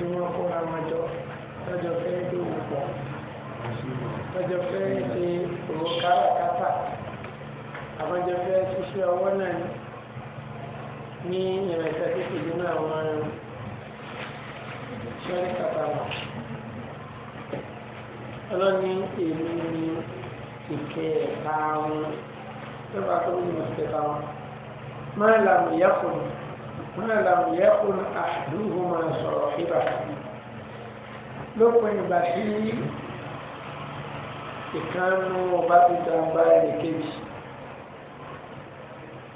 tí wọ́n kóra wọn jọ lọ́jọ́ fẹ́ dòwò pọ̀ lọ́jọ́ fẹ́ ṣe òwò káràkátà àbájọ fẹ́ ṣiṣẹ́ ọwọ́ náà ní ìrẹsẹ̀ títí nínú àwọn ṣẹ́rí kàtàkà ọlọ́ni èmi ni ìkẹ́ ẹ̀ka wọn lọ́ba tó ń mọ̀ ẹ̀ka wọn máa làmì yá mi wọn làwọn yẹkùn àdúgbò máa sọ̀rọ̀ ibà lópin ìgbà tí ìkànnù ọba ti dàgbà ẹnì kejì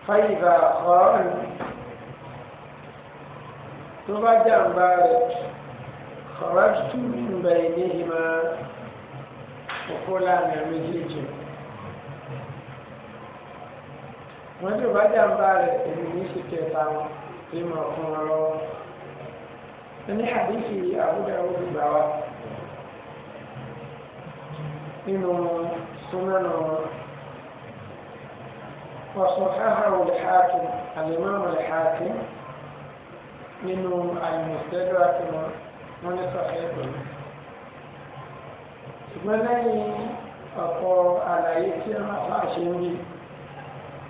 fáyìbà ọ̀rọ̀ tó bá jàǹbá rẹ̀ ọ̀rọ̀ tó ń bẹ ní ìmọ̀ òkú lánàá méjèèjì. wọ́n tó bá jàǹbá rẹ̀ èmi ní ṣe kẹta wọn tí mo fún ọ lọ́wọ́ ní àdéhì àbúdá òbí gbà wá nínú súnmọ́nà وصححه الحاكم الإمام الحاكم nínú àìmọ̀sẹ́dọ̀ àti wọn ní sọ̀rọ̀ pẹ̀lú. ṣùgbọ́n lẹ́yìn ọ̀pọ̀ àlàyé tí wọ́n fà ṣe ń rí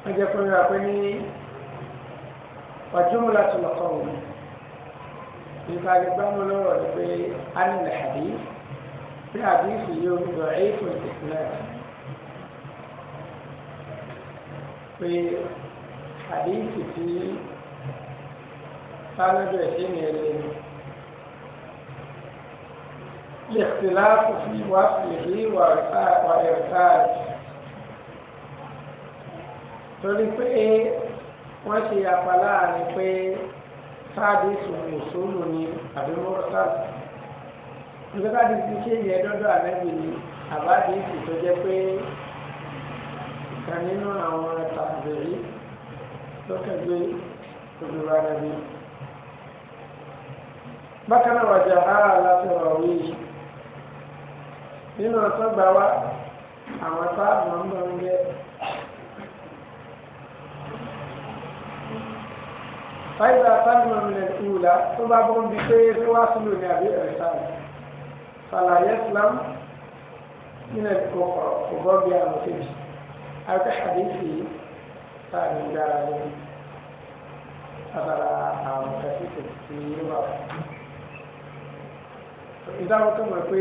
wọ́n jẹ́ pé wọ́n pé ní fàjúmùlá tó lọ fọ wọn nípa agbẹ́gbẹ́mú lọ́rọ̀ ni pé a nílẹ̀ àdí tí àdí sì yóò lọ ẹ̀fọ́ ìpínlẹ̀ pé àdí sì ti sálẹ́dọ̀ ẹ̀sìn ní ẹlẹ́ الاختلاف في وصفه وإرساله torí pé wọ́n ṣe apá ni pé sáàdì ìṣòro ìṣòro ni àbí mọ́tàdì ìgbésàdì ti ṣe yẹ dọ́dọ̀ ànábì ni àbáàdì ìṣì tó jẹ́ pé ìkan nínú àwọn tàbí lọ́kẹ̀gbé òdòdó ànábì. bákan náà wàjà ara láti rọ̀ wí nínú ọ̀sán gbà wá àwọn táàbù ń bọ̀ ń bẹ́ẹ̀. fáìlà sálùmọ̀ mílẹ̀ ìwúlá tó bá bọ́ bí pé tí wàá sùn lónìí àbí ẹ̀sà fàlàyé islam mílẹ̀ kọ̀ọ̀kọ̀ kò bọ́ bí àwọn kejì àti hadithi tààrí dára lórí àtàrà àwọn kẹsìkì tí yóò bá wà. ìdáwọ́ tó mọ̀ pé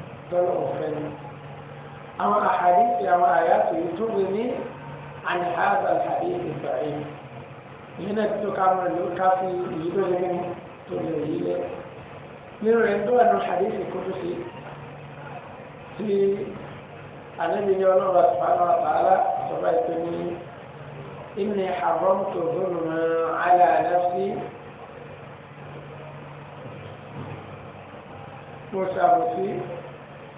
بل أو أحاديث أو آيات تغني عن هذا الحديث الضعيف من تقام الكافي يدلني تغنيه من عند أن الحديث القدسي في النبي يقول الله سبحانه وتعالى سمعتني إني حرمت ظلما على نفسي مسامحي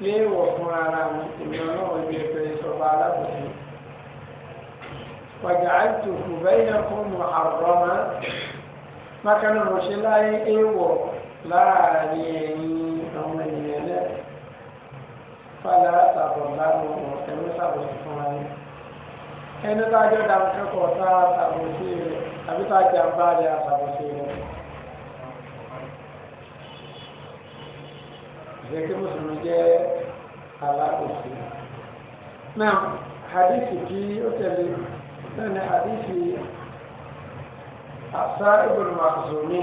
léèwọ̀ fún ara mi ìmọ̀ náà ní ẹgbẹ́ ìṣọba alábòsí. wàjà àìtòkù bẹ́yẹn fún mu àrọ́mà mákànnà ránṣẹ́ láyé èèwọ̀ láàrin ẹ̀yìn àwọn ènìyàn náà fàlà àtàbọ̀ lánàá ẹ̀rọ ṣàbòsí fún wa ẹni tá a jọ kẹ́kọ̀ọ́ tá a rẹ̀ àbí tá a rẹ̀ rẹ̀. jẹ́ kí mùsùlùmí jẹ́ alákòóso. náà hadithi tí ó tẹ̀lé náà ni hadithi asa ibn Makhzumi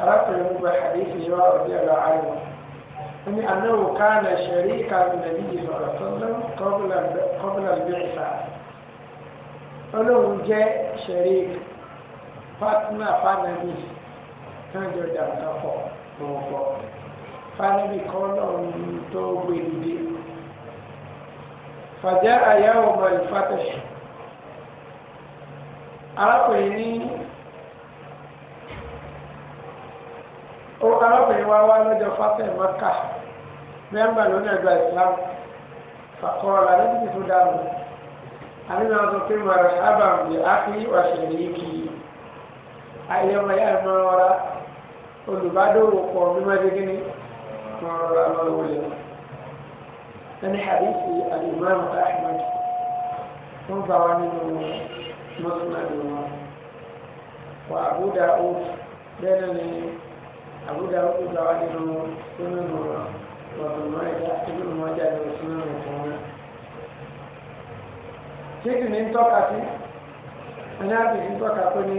arákùnrin gba hadithi yìí wá ọdí ọlọ àyọ ẹni anáwó káàna ṣẹ̀rí káàna nàbí yìí sọ̀rọ̀ sọ́lá kọ́bùlà bẹ́ẹ̀sà olóhùn jẹ́ ṣẹ̀rí pátánà fánàbí náà jọ dàgbà pọ̀. n'ụfọ famili ka ọlọ́run tó gbé dìde fàjá a malfatah arákùnrin ní ó arákùnrin maka mẹ́mbà lónìí ẹgbẹ́ na fàkọ́ọ̀lá níbi tí tó dáhùn àníbi àwọn sọ pé màrà ábàmì àfi wàṣẹ̀lẹ̀ yìí kì olùbádòwò pọ̀ bí wọ́n ti kí ni wọ́n rọra lọ́wọ́ wọlé ẹni hadithi alimami ahmed wọ́n bá wa nínú wọn. Abu Dawud bẹ́ẹ̀ náà ni Abu Dawud bá wa nínú sínú wàtúmọ̀ ẹ̀dá ìlú mọ́jà ní sínú ìfún náà. ṣé kìíní tọ́ka sí? ẹni àbìsí ń tọ́ka pé ní.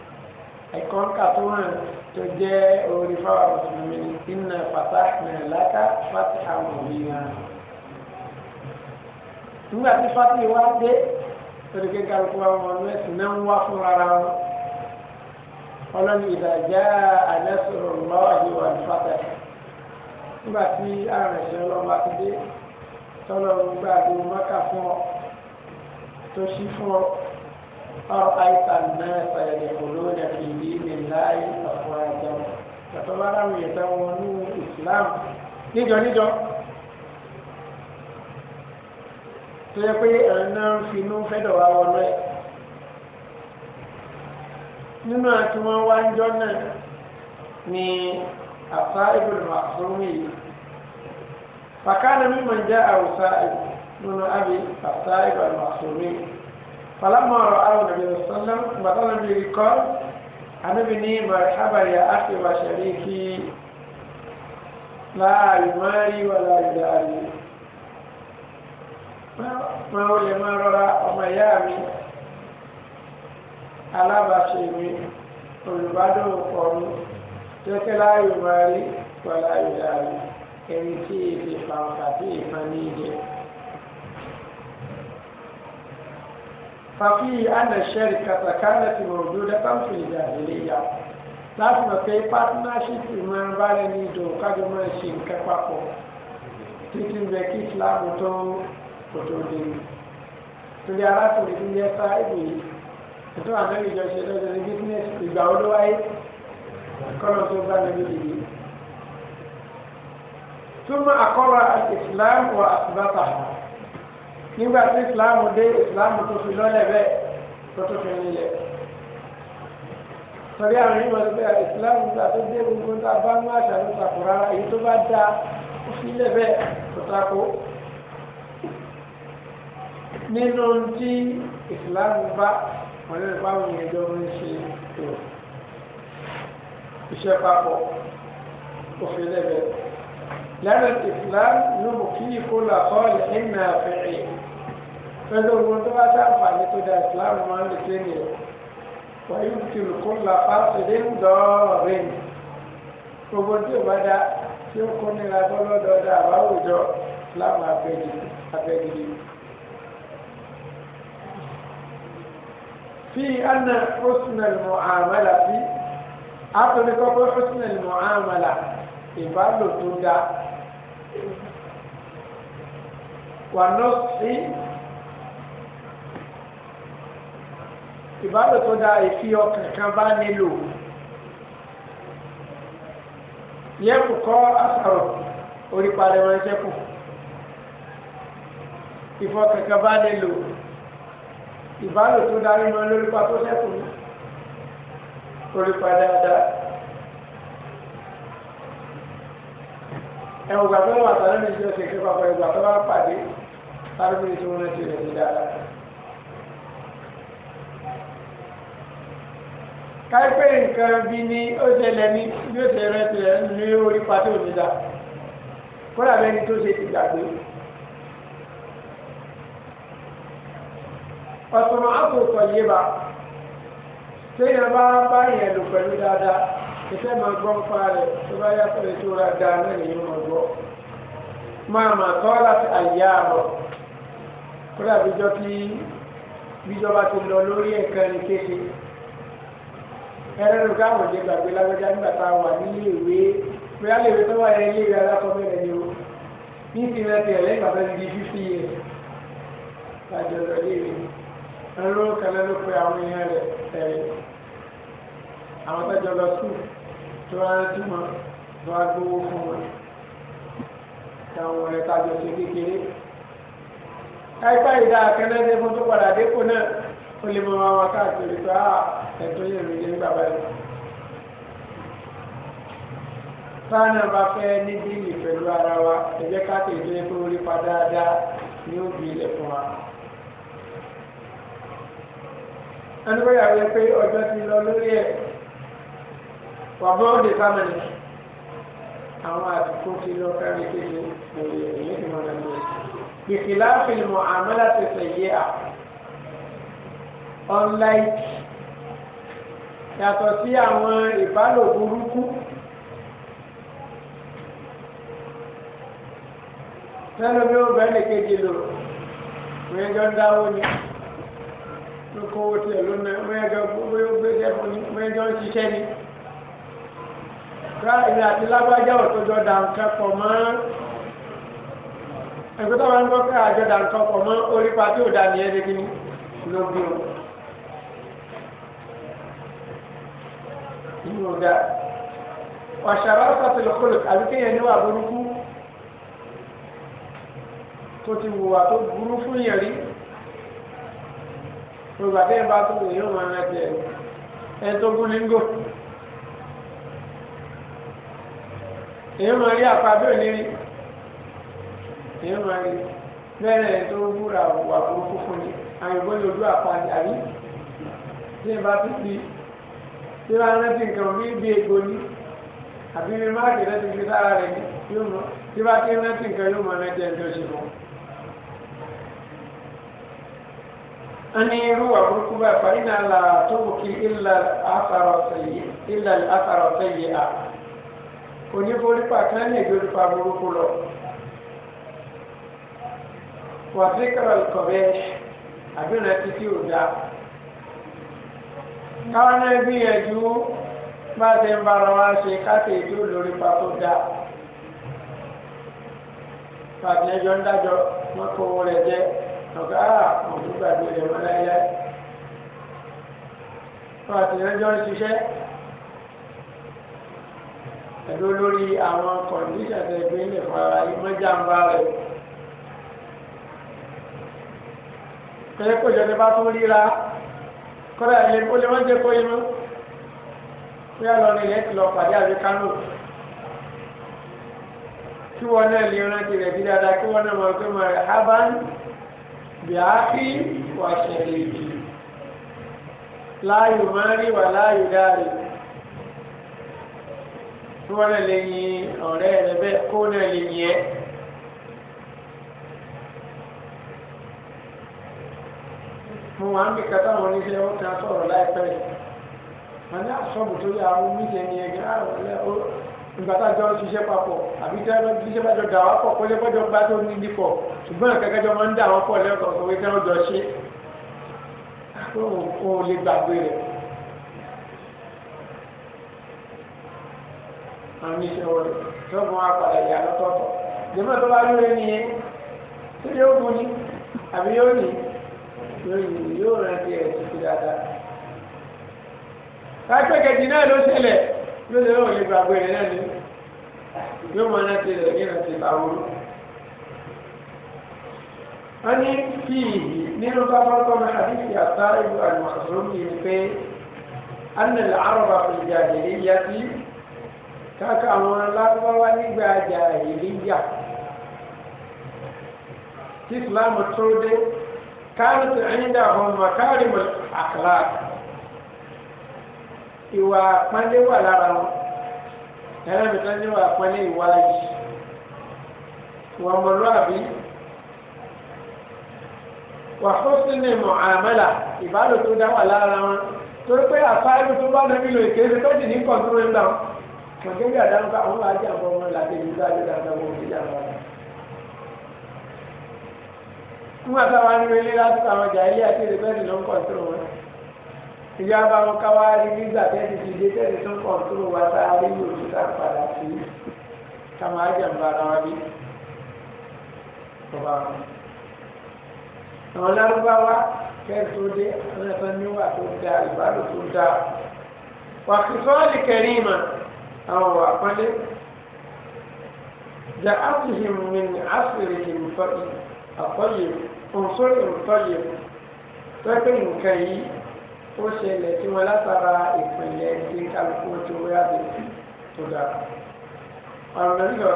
ẹ̀kọ́ńkà tó hàn tó jẹ́ orí fáwọn mùsùlùmí iná fatahna laka fatiha mubina. nígbà tí fatiha wá dé torí pé kálukú wa wọn mẹ́sìn náà ń wá fún rárá wọn. ọlọ́ni ìdájá àdẹ́sọ̀rọ̀ lọ́ọ̀hì wà ní fatah. nígbà tí arìnrìnàṣẹ́ ọlọ́mọ ti dé tọ́lọ́ gbàgbó mọ́kà fún ọ tó ṣí fún ọ. أرأيت الناس يدخلون في دين الله أفواجا tọ́tọ́lára mi ẹ̀dá wọn ní Islam níjọ níjọ tó yẹ pé ẹ̀rọ ń finú fẹ́dọ̀ wá wọnú ẹ̀ nínú àti wọn wá ń jọ náà ni àfa ibùdó màsúrùmí yìí fàkánà mímọ̀ jẹ́ àwùsá nínú àbí àfa ibùdó màsúrùmí yìí. فلما رأى النبي صلى الله عليه وسلم مثلا به قال أنا بني مرحبا يا أخي وشريكي لا يماري ولا يداري ما هو لما رأى ọmọ ìyá mi alábàṣe mi olùbádòpọ̀ mi tẹ́tẹ́ láàyò máa rí pọ̀ láàyò dáa mi èmi tí ìfìfà ọ̀kà tí ìfà ní ìjẹ́. ففيه أن الشركة كانت موجودة في الجاهلية láti mọ̀ pé partnership máa ń bára ní ìdò kájọ máa ṣe nǹkan papọ̀ títí ń bẹ kí Islam tó kò tó dé ní. torí arákùnrin tó yẹ sá ìwé ètò ànáwó ìjọ ṣe lọ́jọ́ ní business ìgbà Islam wà àtúbátà nígbà tí ìsìláàmù dé ìsìláàmù tó fi lọ́lẹ̀ bẹ́ẹ̀ tó tó fi nílẹ̀ sọ̀rí àwọn onímọ̀ sí pé ìsìláàmù gbà tó dé gbogbo tá a bá má ṣàlù takò rárá èyí tó bá dáa ó fi lẹ̀ bẹ́ẹ̀ tó takò nínú tí ìsìláàmù bá wọn lè bá àwọn èèyàn jọ ń ṣe iṣẹ́ papọ̀ ó fi lẹ̀ bẹ́ẹ̀. لأن الإسلام يبقي كل صالح نافع فإذا كنت لا تنفع لتدى الإسلام ما لسيني ويبتل كل قاصد دار فقلت بدا يكون إلى بلد ودى روض إسلام أبدي في أن حسن المعاملة أعطني حسن المعاملة ìbálò tó da wà náà sí ìbálò tó da ìfi ọkàn kan bá nílò yẹ kò kọ́ àṣàrò orí parẹ́ wọn ṣẹ́kù ìfọkànkàn bá nílò ìbálò tó darí mọ́ lórí pa tó ṣẹ́kù orí pa dáadáa. ẹ̀wọ̀n gbà tó ń wà sáré méjì ọ̀sẹ̀ kí papọ̀ ẹ̀gbà tó bá pàdé sáré méjì tó ń ti rẹ̀ ní dáadáa. káípẹ́ nǹkan bí ní ó ṣẹlẹ̀ ní bí ó ṣe rẹ̀ tilẹ̀ ní orí pàtó òmìnira kódà bẹ́ẹ̀ ni tó ṣe ti gbàgbé. ọ̀sán àpò sọ̀yẹ́ bá téèyàn bá bá ìyẹn lò pẹ̀lú dáadáa ìfẹ́ máa gbọ́ nípa rẹ̀ tó bá yàtọ̀ ètò rẹ̀ dáa náà nìyí máa gbọ́. máa máa tọ́ láti àyà àbọ̀ kódà bíjọ́ tí bíjọba ti lọ lórí ẹ̀kan ní kéde. ẹrẹ́nu káwọn òde gbàgbé lágbájá nígbà tá a wà nílé ìwé bóyá lè wé tó wà ní ilé ìwé alákọ̀ọ́bẹ̀rẹ̀ ni o ní ti rẹ tiẹ̀ lẹ́yìn bàbá ti di fífi yẹ lájọ lọ lé ìwé ẹrú kan àwọn èèyàn rẹ̀ àwọn tó lọ sùn tó rárá tí wọn lọ agbowó fún wọn táwọn ọ̀rẹ́ kájọ ṣe kékeré káìpá ìdá akẹ́nẹ́dẹ́ fún tó padà dépò náà ó lè mọ àwọn káàkiri pé á ah, ẹ̀tọ́ yẹn ló yẹ ń bàbá yìí. sáànà bá fẹ́ ní díìlì pẹ̀lú ara wa ẹ̀jẹ̀ káàkiri tó yẹ kó rí pa dáadáa ní òbí ilẹ̀ fún wa. ẹni bóyá wípé ọjọ́ ti lọ lórí ẹ̀ wàbọ̀ de family àwọn àtúntò ti lọ kárí kéde òye òye ìmọ̀ nàìjíríà bìkìlá fílmù àmàlà tẹsẹ̀ yé à unlike yàtọ̀ sí àwọn ìbálò burúkú sẹ́nu bí ó bẹ́ẹ̀ lè kéde lò wọ́n ẹjọ́ ń dáwọ́ ni ló kówó tiẹ̀ lónà wọ́n ẹjọ́ gbé tẹ́fọ́ ni wọ́n ẹjọ́ ń ṣiṣẹ́ ni ká ilé àti lágbájá òtòjọ dànkẹ́ pọ̀ mọ́ ẹgbẹ́ tó máa ń gbọ́ pé àjọ dànkẹ́ pọ̀ mọ́ orí pàtó òdà nìyẹn ní kíni ló bí o. inú ọ̀gá wàṣàrà sọ̀tì lọ́kọ́lù àbí kéèyàn níwà burúkú tó ti wùwà tó burú fún yẹn rí gbogbo àtẹ́yìn bá tó wù yóò máa ẹ̀ tó gún ní ń gò. èyí máa rí àpàdé òníri èyí máa rí bẹ́ẹ̀ tó búra wà burúkú fún ni àyùbọ́ ní ojú àpàdé àbí tí ẹ bá tún tí wọ́n á rántí nǹkan bí bí egbò ní àbí bí máàkì rẹ ti fi sára rẹ ní yóò mọ tí bá ti rántí nǹkan yóò mọ ẹ̀jẹ̀ ń tó fún ani irú wà burúkú bá a fa iná la tó wù kí ilà àfàrọ̀ sẹ́yìn ilà àfàrọ̀ sẹ́yìn àá oníforípa kan lè gbèrúpa burúkú lọ wàtíkàrà kọ̀bẹ àbínà títí ò dáa káwọn náà gbìyànjú bá a ṣe ń bára wa ṣe káṣe ìdúró lórí pa tó dáa pàtẹ́jọ́ ń dájọ́ wọn kó owó rẹ̀ jẹ́ ọ̀gá ọ̀dúgbàgbé rẹ̀ wọ́n pàtẹ́jọ́ ń ṣiṣẹ́ pẹ̀lú lórí àwọn kọ̀ǹdíṣà tẹ̀ gbé lè fún ara yìí mọ́jàmbá rẹ̀. pẹ̀lú kò jẹ́ bá tún ríra kọ́dà ilé ó lè wọ́n jẹ́ kó yín mọ́ pé àlọ́ ni ilẹ̀ ti lọ pàdé àbí kánò kí wọ́n náà lè rántí rẹ̀ bí dáadáa kí wọ́n náà mọ̀ pé mọ̀ rẹ̀ haban bíáfi wà ṣẹlẹ̀ ìdí láàyò máa rí wà láàyò dáre tí wọ́n náà lè yin ọ̀rẹ́ rẹ bẹ́ẹ̀ kó náà lè yin ẹ́. mo máa ń kíkà táwọn oníṣẹ́ wọn kan sọ̀rọ̀ láìpẹ́ yìí wọ́n ní àṣọ́bù tó yà àwọn oníṣẹ́ ni ẹ̀gẹ́ ìgbà tá a jọ ṣiṣẹ́ papọ̀ àbí tí wọ́n ti ṣiṣẹ́ bá jọ dà wá pọ̀ kó lè gbọ́dọ̀ gbá tó ní nípọ̀ ṣùgbọ́n kẹ́kẹ́ jọ máa ń dà wọ́n pọ̀ lẹ́kọ̀ọ́ sọ pé kí wọ́n jọ ṣe kó o lè gbàgbé rẹ̀. àmì ìṣòwò rẹ̀ tí wọ́n máa padà yà lọ́tọ̀ọ̀tọ̀ jẹ́mọ̀ tó bá lóore nìyẹn tó yóò fún ni àbí yóò ní yóò ní yóò rántí ẹ̀ títí dáadáa. káàpẹ́ kejì náà ló ṣẹlẹ̀ ló lè rò lè gbàgbé rẹ̀ náà ni yóò máa rántí rẹ̀ ní ìrántí ìbáwòrò. wọ́n ní fíì nínú bábọ́tọ́ mi àdìsí àtàrí ìlú àlùmọ̀sọ́rọ́ mi ni pé أن العرب في kaka àwọn alárúbáwá nígbà àjà ìlíyà tí islam tó dé káàrí tó ẹ̀yìndà ọ̀hún makáàrí mọ̀ àkàlà ìwà àpọ́nlé wà lára wọn mi ní ìwà àpọ́nlé ìwádìí wà mọ̀lúàbí wà husni muamala ìbálò tó dá wà lára wọn torí pé àfáàlú tó bá nàbí lò ìkéde tó ní kọ̀ọ̀tún ẹ̀ ń dà wọn. mọ̀tẹ́bí àdánù ká àwọn àjẹ́ àwọn ọmọ làtẹ̀ ìlú bá dé dáadáa wọ́n ti dáa báyìí. fún àtàwọn nínú ilé lásìkò àwọn ọjà ilé àti ìdè bẹ́ẹ̀ ló ń kọ̀ǹtúrò wọn. ìyá bá wọn ká wá rí nígbà tẹ́lẹ̀ ti dé tẹ́lẹ̀ tó ń kọ̀ǹtúrò wa tá a rí òtún tá a padà sí káwọn àjẹ́ ń bá ara bí. àwọn lárúbáwá kẹ́ẹ̀tì tó dé àwọn ẹ̀fọn níwà tó dáa ìbálò dáa wàkìsọ́ọ̀lì kẹrin mọ̀. àwọn ọ̀rọ̀ àpọ́nlé jẹ́ àtìhìm min àṣìrìhìm tọ́yì àtọ́yì òǹsórí òǹtọ́yì pẹ́pẹ́ nǹkan yìí ó ṣẹlẹ̀ tí wọ́n látara ìpìlẹ̀ tí kálukú tó wáyà dé tó dára. ọ̀rọ̀ nílò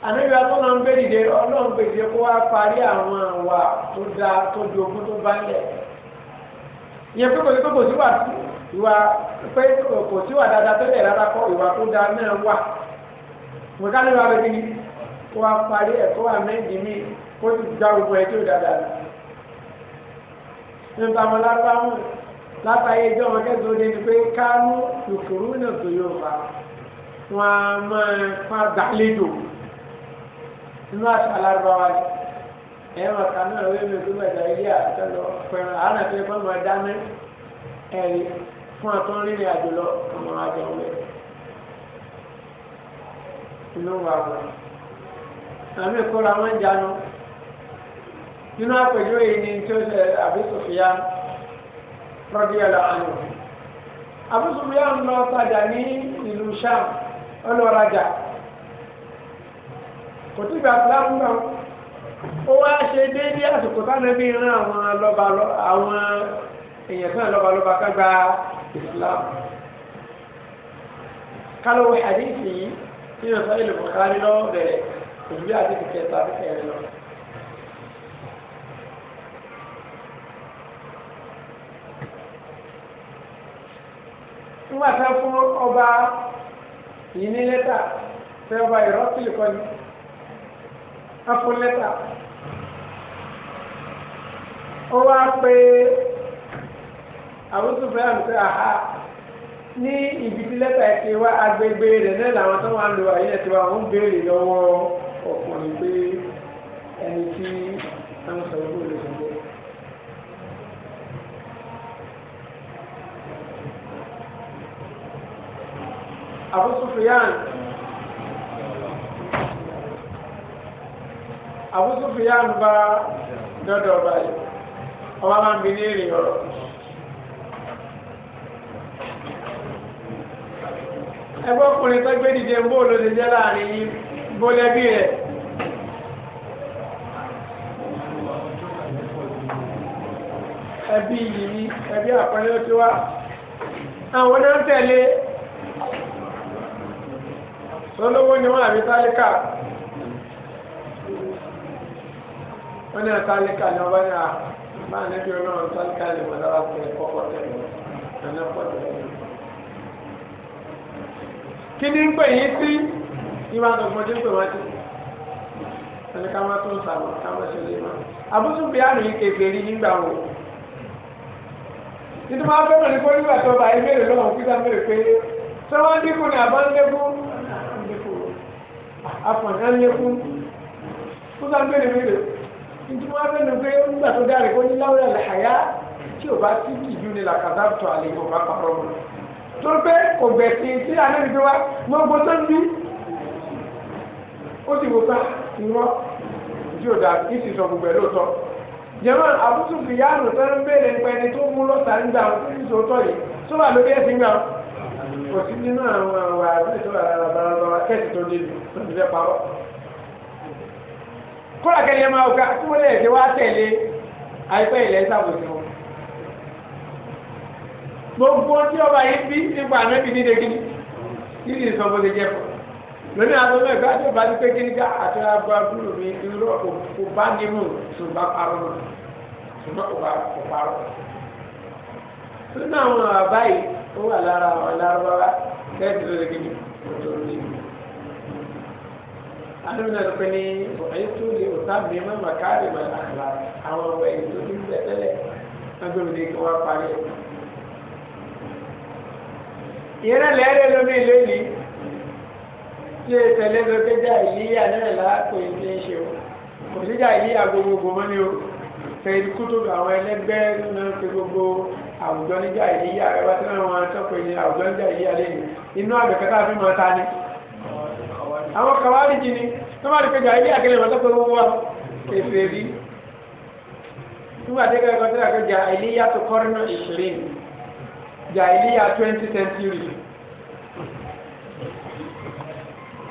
náà ń gbé dìde ọlọ́run gbèdé kó wá parí àwọn àwà tó da tó di ogún tó bá ń lẹ̀. ìyẹn pé kò sí pé kò sí wà ìwà pé kò sí wà dáadáa tẹ́lẹ̀ rárá kọ́ ìwà tó dáa náà wà mo ká lóra rẹ kíni kó wa parí ẹ̀ kó wa mẹ́jì mí kó ti gba gbogbo ẹ̀ tí ó dáadáa nípa àwọn lábáwọn látàyè ẹjọ́ wọn kẹ́sàn-án ó dé ni pé kánú ìkòrò náà tó yóò fa wọn máa fa gbàlejò nínú àṣà alárúbáwá yìí ẹ̀rọ kan náà wọ́n mi tó mẹ́ta ilé àtọ́lọ fẹ́ràn àánà tó yẹ kó máa dáná ẹ̀rí fún àtọ́n rírìn àjò lọ ọmọ àjọ wẹ̀ inú wa wọ̀ àmì ìkóra wọn jánu nínú àpèjúwe yìí ni tí ó ṣe Abu Sufyan radiyallahu anhu Abu Sufyan ń lọ tajà ní ìlú Sham ọlọ́rajà kò tí ìgbà sílámù ó wá ṣe déédéé àsìkò tánàbí ran àwọn lọ́ba àwọn èèyàn fún lọ́ba lọ́ba ká gba islam kálọ̀ hadithi yìí nínú sọ́yìn lè Bukhari lọ́wọ́ bẹ̀rẹ̀ òṣùbí àti kìkẹ́ta àti kẹrin lọ. nígbà tí wọ́n fún ọba yìí ní lẹ́tà tí ọba ìrọ́sìlì kọ́ni afọlẹ́tà ó wá pé àwọn tó fẹ́ àlùkò àhá ní ibi tí lẹ́tà ẹ̀ ti wá agbègbè rẹ̀ náà làwọn tó wà ń lo àyè ẹ̀ ti wá ń béèrè lọ́wọ́ ọkùnrin pé ẹni tí àwọn sọ̀rọ̀ bó lè sọ̀rọ̀. àbúsùfìyàn àbúsùfù yá ń bá dọ́dọ̀ báyìí ọba máa ń bi ní èrè ọ̀rọ̀. ẹgbẹ́ ọkùnrin tó de dìde bó ló ṣe jẹ́ láàrin yín bó lẹ́bí rẹ̀. ẹbí yìí ẹbí àpẹẹrẹ ló ti wá àwọn náà ń tẹ̀lé olówó ni wọ́n wọ́n ní àtàlíkà ní ọba ní àhà máa níbi ọlọ́run àtàlíkà ní ìwọ̀n lára tẹ ọkọ̀ tẹ ẹ̀nà ọkọ̀ tẹ ẹ̀nà. kí ni ń pè yín sí ìwà àtọ̀gbọ̀n tí ń pè wọ́n ti ẹni ká má tó ń sàmọ̀ ká má ṣe lè má. àbútúbi àmì kèfèrí nígbà wo títí máa fẹ́ mọ̀ ní kó nígbà tó bá yín béèrè lọ́wọ́ kí sáà béèrè pé ṣé wọ́n dínkù ní àbá ń lékún àfọ̀n ń lékún kó sáà béèrè béèrè ìdí wọn fẹ́ nu pé nígbà tó dáre kó ní láwùrẹ́ àlàyé tí o bá sí ìdíjú ni làkàtà tó àlè kò bá parọ́ mọ́ torí pé kò gbẹ̀sìn sí ànábi tó wá gbogbo tó ń bí ó ti wò pa ìwọ tí o dà kí sì sọ gbogbo ẹ̀ lóòótọ́ jẹ́wọ́n àbútù fìyàrò tó ń béèrè nípa ẹni tó mú lọ́sà ń gbà ó sì sòótọ́ yìí tó wà lórí ẹ̀sìn gbà ó kò sí nínú àwọn àwọn àdúgbò tó wà lára bàbá wa kẹ́sì tó dé ibi tó ti fẹ́ parọ́ kóra kẹlẹ máa wò ká tí wọn lè ṣe wá tẹ̀lé àìpẹ́ ilẹ̀ ṣàbòsí wọn. gbogbo tí ọba yìí bí nípa ànábì ní dèkìní kí ni ìsọfúnni jẹ kọ lónìí àwọn ọmọ ẹgbẹ́ àti ọba ti pé kí ni ká àti ọba gbúrò mi irú kò bá ní mú ṣùgbọ́n parọ́ mọ́ ṣùgbọ́n kò bá kò nínú àwọn àbá yìí ó wà lára àwọn alárúbáwá kẹ́ẹ̀tì lóde ní ìlú alóòdà ló pe ní ọ̀yẹ́ tó lè ọ̀tá mímọ́ màkàrí màkàrà àwọn ọmọ ẹ̀yìn tó ti ń bẹ̀ tẹ́lẹ̀ lágbèrè ní kí wọ́n parí ẹ̀. ìrẹ́ lẹ́rẹ́ lómi lónìí tí o tẹ̀lé lọ pé jà ìyíyà náà láàkó ìdí ṣe o kò sí jà ìyíyà gbogbogbò mọ́ ni o fẹ̀yìn kútó àwọn ẹlẹ́gbẹ́ náà pé gbogbo àwùjọ níjà ìyíyà ẹ̀ wá sí àwọn tọ́kọ̀ ìyẹn àwùjọ níjà ìyíyà lẹ́yìn inú àgbẹ̀kẹ́ta fi mọ́ ta ni àwọn kàwárí jì ni wọ́n bá rí pé jàìlì àkẹlẹ̀ wọn tọ́pẹ́ owó wa èfè rí nígbà tí kẹ́kọ̀ọ́ tí kẹ́kọ̀ọ́ jàìlì yàtọ̀ kọ́rínà ìṣirin jàìlì yà twenty century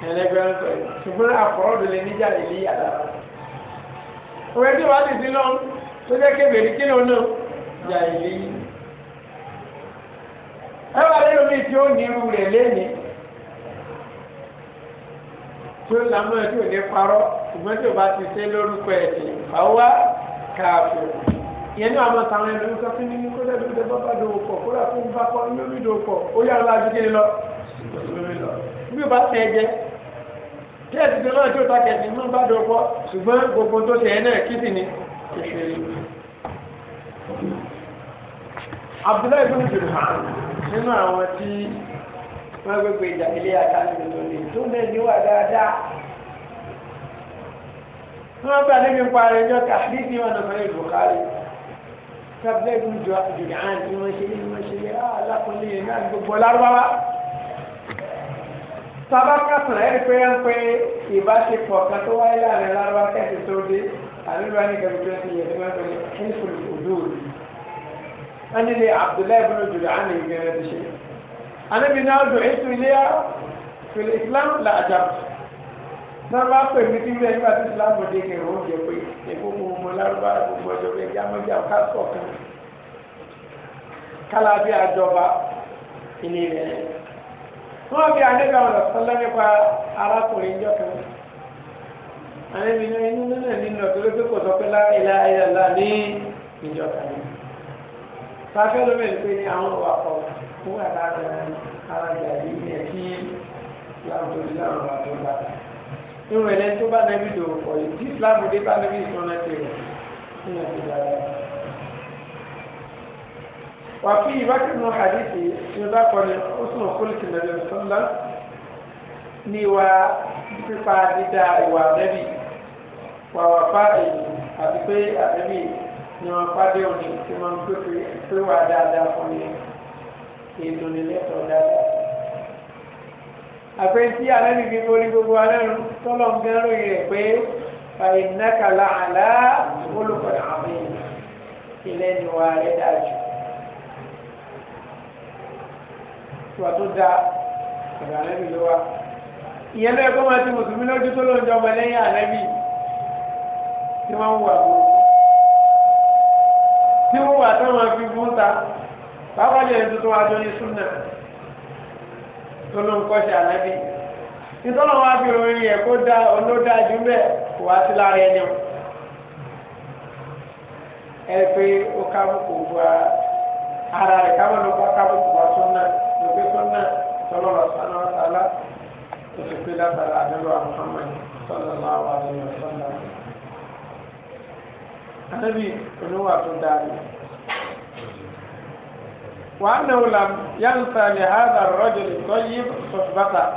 ẹlẹgbẹrún sọ yìí ṣùgbọ́n àkọ́rọ́dún lè ní jàìlì yàtọ̀ òwe tí wàá ti sí lọ tó jẹ́ kébèrè kí ló náà jàìlì ẹ wà lẹ́nu mi tí ó ní rẹ̀ lẹ́nìí tí ó lamọ tí ò ní parọ́ ṣùgbọ́n tí ò bá ti ṣe lórúkọ ẹ̀sìn fàwa káàfù ìyẹn ní àwọn àtàwọn ẹlòmí kan fún mi kó lẹ́nu ìdẹ bàbá dòwò pọ̀ kó lẹ́nu fún bá kọ́ inú mi dòwò pọ̀ ó yára láti kéde lọ bí o bá tẹ ẹ jẹ tí ẹ̀sìn tó náà tí o ta kẹ̀sìn mú bá dòwò pọ̀ ṣùgbọ́n gbogbo tó ṣe ẹ náà kí sì ni kékeré. Abdullahi bin Jùlọ nínú àwọn tí wọ́n gbé pé ìjà ilé àkàlẹ̀ tó lè tó lè dáadáa. wọ́n gbà níbi parí ẹjọ́ ká ní ti wọn nàmọ́ ìlú kárí. sábẹ́gun jọ jùlán ni wọ́n ṣe ní wọ́n ṣe ní ah, alákùnrin yẹn náà gbogbo lárúbáwá. sábà kásán ẹ̀rí pé ń pé ìbáṣepọ̀ kan tó wáyé láàrin lárúbá kẹ́sì tó dé àlùbá ní kẹ́sì tó ti yẹ ní wọ́n fẹ́ ní ẹ̀fọ́ ìlú òdòdó. wọ́n ní Abdullahi anabi náà dùn ètò iléyà fèlè islam là àjà náà bá pè mí tí wíwá nígbà tí islam dé ní ìrò oúnjẹ pé èkó mo mọ lárúbá gbogbo ọjọ́ bẹ́ẹ̀ yá mọjà ká sọ kan kálábí àjọba ìní rẹ wọn bí anabi àwọn ọ̀sán lẹ́nu pa arákùnrin jọ kan anabi náà inú nínú nínú ọ̀tọ́lẹ́ pé kò sọ pé láìlá ayélujára ní ìjọba yìí sáfẹ́ lómi ẹ̀ ní àwọn ọ̀wà kọ̀ọ̀kan fún àtàkùn ara jàdí ní ẹtí láwùjọ sí láwùjọ àti ọba nínú ẹlẹ tó bá nẹbi dò pọ yìí tí islam dé bá nẹbi ìsọ̀nà ti rẹ nínú ẹtí dára. wàfi ìbákẹ́nu hadithi tí ó dákọ̀ ni ó sùn kólìkì nàbẹ̀ sọ́lá ní wa pípa dídá ìwà nẹ́bì wà wà fá èyí àti pé àtẹ́bì ni wọ́n pàdé òní tí wọ́n pé wà dáadáa fún yẹn ètò nílẹ̀tọ̀ dáadáa. àpẹẹsí alẹ́nu gbígbó ní gbogbo alẹ́nu tọ́lọ̀ ń gán lóye rẹ̀ pé fàyínàkàlà àlá olùkọ́ni àwọn èèyàn ilẹ̀ ni wà rẹ̀ dájú. ìwà tó dáa ìgbà alẹ́nu ló wà. ìyẹn lóye kó máa ti mùsùlùmí lójú tó lóun jọ ọmọ lẹ́yìn àlẹ́bí tí wọ́n ń wà tó. tí wọ́n wà tó wọn fi fún ta bàbá yẹn tuntun wájú ní súnà tó ló ń kọ́ṣe ànábì nítorí wọn á fi orin yẹn kó dá olódájú bẹ́ẹ̀ kó wá sí lára ẹni o ẹ pé ó kábùkù wá ara rẹ̀ kábọ̀ ló bá kábùkù wá súnà ló gbé súnà tọ́lọ́ lọ sánà ọ̀tàlá tó ti pé látara àdúrà Muhammad sallallahu alaihi wasallam ànábì oníwà tó dáa ni. وأنه لم ينسى لهذا الرجل الطيب صحبته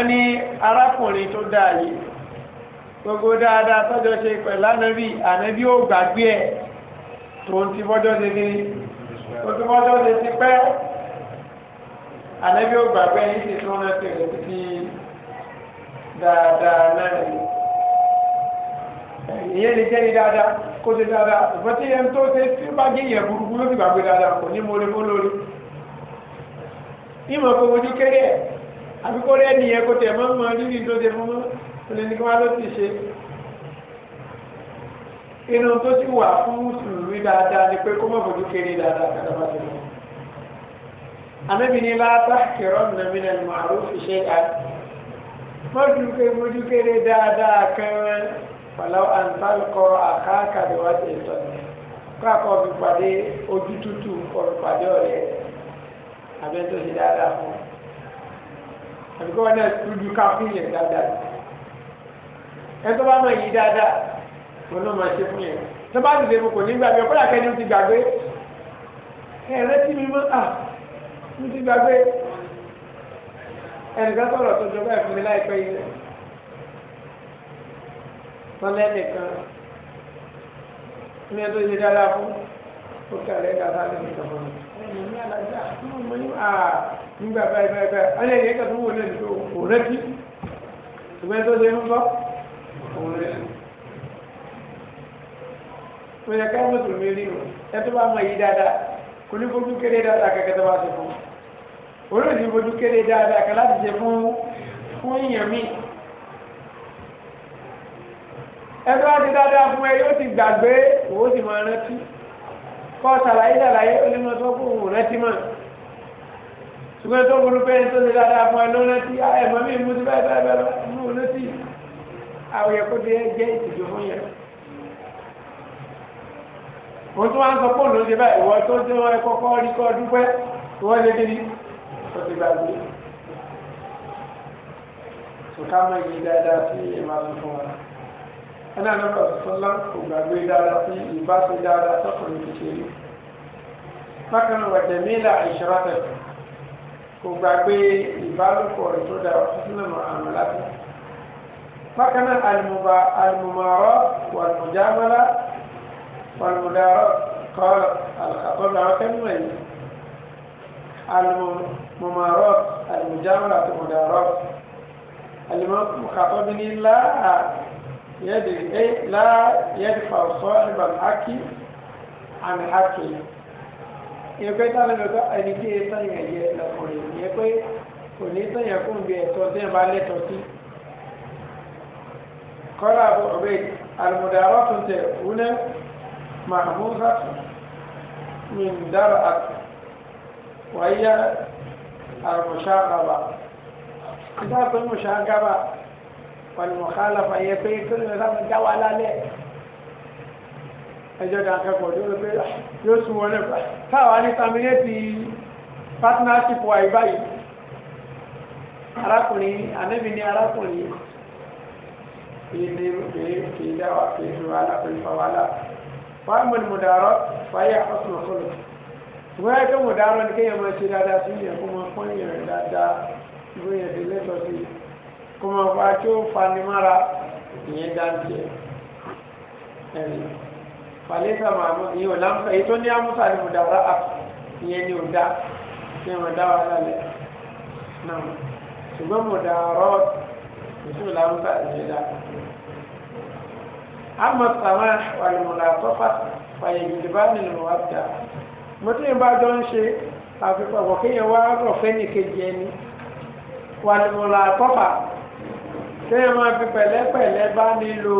أني أراكني تدعي gbogbo dáadáa tọjọ ṣe pẹ̀lú ànábì ànábì ó gbàgbé ẹ tòun ti bọjọ ṣe kiri ó ti bọjọ ṣe ti pẹ ànábì ó gbàgbé ẹ yìí ti tún rántí rẹ títí dáadáa náà ni ìyẹn lè jẹ́ ní dáadáa kó ṣe dáadáa ṣùgbọ́n tí ẹni tó ṣe tí ó bá gé yẹn burúkú ló fi gbàgbé dáadáa kò ní mọ́lé mọ́ lórí. ìmọ̀ kò wojú kéré ẹ̀ àbí kó rẹ́ nìyẹn kó tẹ̀ mọ́ mọ́ rírì tó ṣe fún oníníkàwá ló ti ṣe. inú tó sì wà fún mùsùlùmí dáadáa ni pé kó má fojú kéré dáadáa kàdá bá ti lọ. àmẹ́bí ni látà kẹrọ nàmínà màrúfì ṣe à fàlàwọ àǹtálùkọ àkáàkàdé wá sí ìtọ́ni kó àkọ́ fi pàdé ojú tútù ọ̀rọ̀ pàdé ọ̀rẹ́ àbẹ́ tó ṣe dáadáa fún àbí kó wọn náà dúdú ká fún yẹn dáadáa ẹ tó bá mọ èyí dáadáa wọn náà máa ṣe fún yẹn tó bá dìde mo kò ní gbàgbé ọkọ làkẹ́ni ti gbàgbé ẹ rántí mi mọ́ à ah, mo ti gbàgbé ẹnìkan sọ̀rọ̀ tó jọba ẹ̀fún láìpẹ́ yìí tọ́lẹ́ nìkan ní ẹjọ́ ṣe dára fún ó kàlẹ́ dára lẹ́nu ìjọba ẹ̀yìn ní alájà fún mi ah, nígbà báyìí báyìí báyìí alẹ́ yẹn kàtó wọlé nígbà kò rẹ́tí ṣùgbọ́n ẹjọ́ ṣe ń bọ́ òun rẹ̀ ó yẹ ká mùsùlùmí rí o ẹ tó bá mọ yìí dáadáa kò ní fojú kéré dáadáa kẹ́kẹ́ tó bá ṣe fún olóòtú fojú kéré dáadáa kẹ́ láti ṣe fún fún ìyẹn míì ẹgbẹ́ wa ti dáadáa fún ẹ yóò ti gbàgbé òun sì máa rántí kọ́ ṣàlàyé ṣàlàyé onímọ̀ tó kù òun rántí mọ́ ṣùgbọ́n tó burú pé ẹni tó ti dáadáa fún ẹ ló rántí ah, ẹ̀mọ́ mi mú ti báyìí báyìí báyìí mú un rántí àwọn yẹ kó jẹ́ ìtìjú fún yẹn. òun tó wá ń sọ pé òun ló ṣe báyìí ìwọ tó jẹ́ wọn kọ́kọ́ rí kọ́ dúpẹ́ ìwọ lè débi ó ti gbàgbé sùkámọ́ yìí dáadáa sí ẹnà nípa ìfúnlá kò gbàgbé dáadáa sí ìbáṣe dáadáa sọkùnrin kékeré bákan náà wàjẹ mílà ìṣọ́ra tẹ̀sán kò gbàgbé ìbálòpọ̀ rẹ̀ tó dára sínú àmì láti. bákan náà àlùmọ̀bà àlùmọ̀mọ̀rọ̀ wàlùmọ̀jámọ́lá wàlùmọ̀dárọ̀ kọ́ àlùkàtọ́ làwọn kẹ́mìmọ̀ yìí àlùmọ̀mọ̀rọ̀ àlùmọ̀jámọ́lá àti mọ̀dárọ̀ àlùmọ̀kàtọ́ bí ní láà يدري أي لا يدفع صاحب الحق عن حقه ìyẹ́pẹ́ tá a lè lọ́gbà ẹni tí ẹ tán yẹn yẹ lọ́kùnrin ìyẹ́pẹ́ kò ní tán yẹn kún bí ẹ̀tọ́ tí yẹn bá lẹ́tọ̀ọ́ sí. kọ́lá abu ọ̀bẹ́d alimudaro tún tẹ wúnẹ́ mahmuza min dara at wáyé alimusagaba. ìdá pé musagaba falimọ̀kálà fàyẹ pé kíni ọ̀sán mi dá wa lálẹ́ ẹjọ́ dàn kẹ́kọ̀ọ́ tó ló pé ah, yóò sún wọn lẹ́kọ̀ọ́ táwa ní tàmínétì partnership wa yìí báyìí arákùnrin anábì ní arákùnrin kìí ní kìí dá wa kìí fi wàhálà kìí fa wàhálà wàá mọ̀ ní mọ̀dàrọ̀ fàyẹ ọ̀sùn ọ̀kọ́lọ̀ wọ́n yẹ kí mọ̀dàrọ̀ ní kéèyàn máa ṣe dáadáa sí ìyẹn kó máa pọ́n ìyẹn dáadáa ìwé yẹn ti lẹ́tọ̀ọ́ sí i kó máa bá tí ó fani mára ìyẹn dáńtì ẹ falẹ́sà màmú ìyẹn ò láǹfà èyí tó ni mo dàrá àp ìyẹn ni ò dá ní ọmọ dá wa lálẹ́ náà ṣùgbọ́n mo dà rọ́ọ̀ ìṣòro láǹfà ìyẹn dá. أما السماح والملاطفة فيجلبان المودة mutum bá jọ ń ṣe àfipọ̀ kéèyàn wá rọ̀ fẹ́nìkejì ẹni wà ní mọ̀lá àtọ́fà kéèyàn máa fi pẹ̀lẹ́pẹ̀lẹ́ bá nílò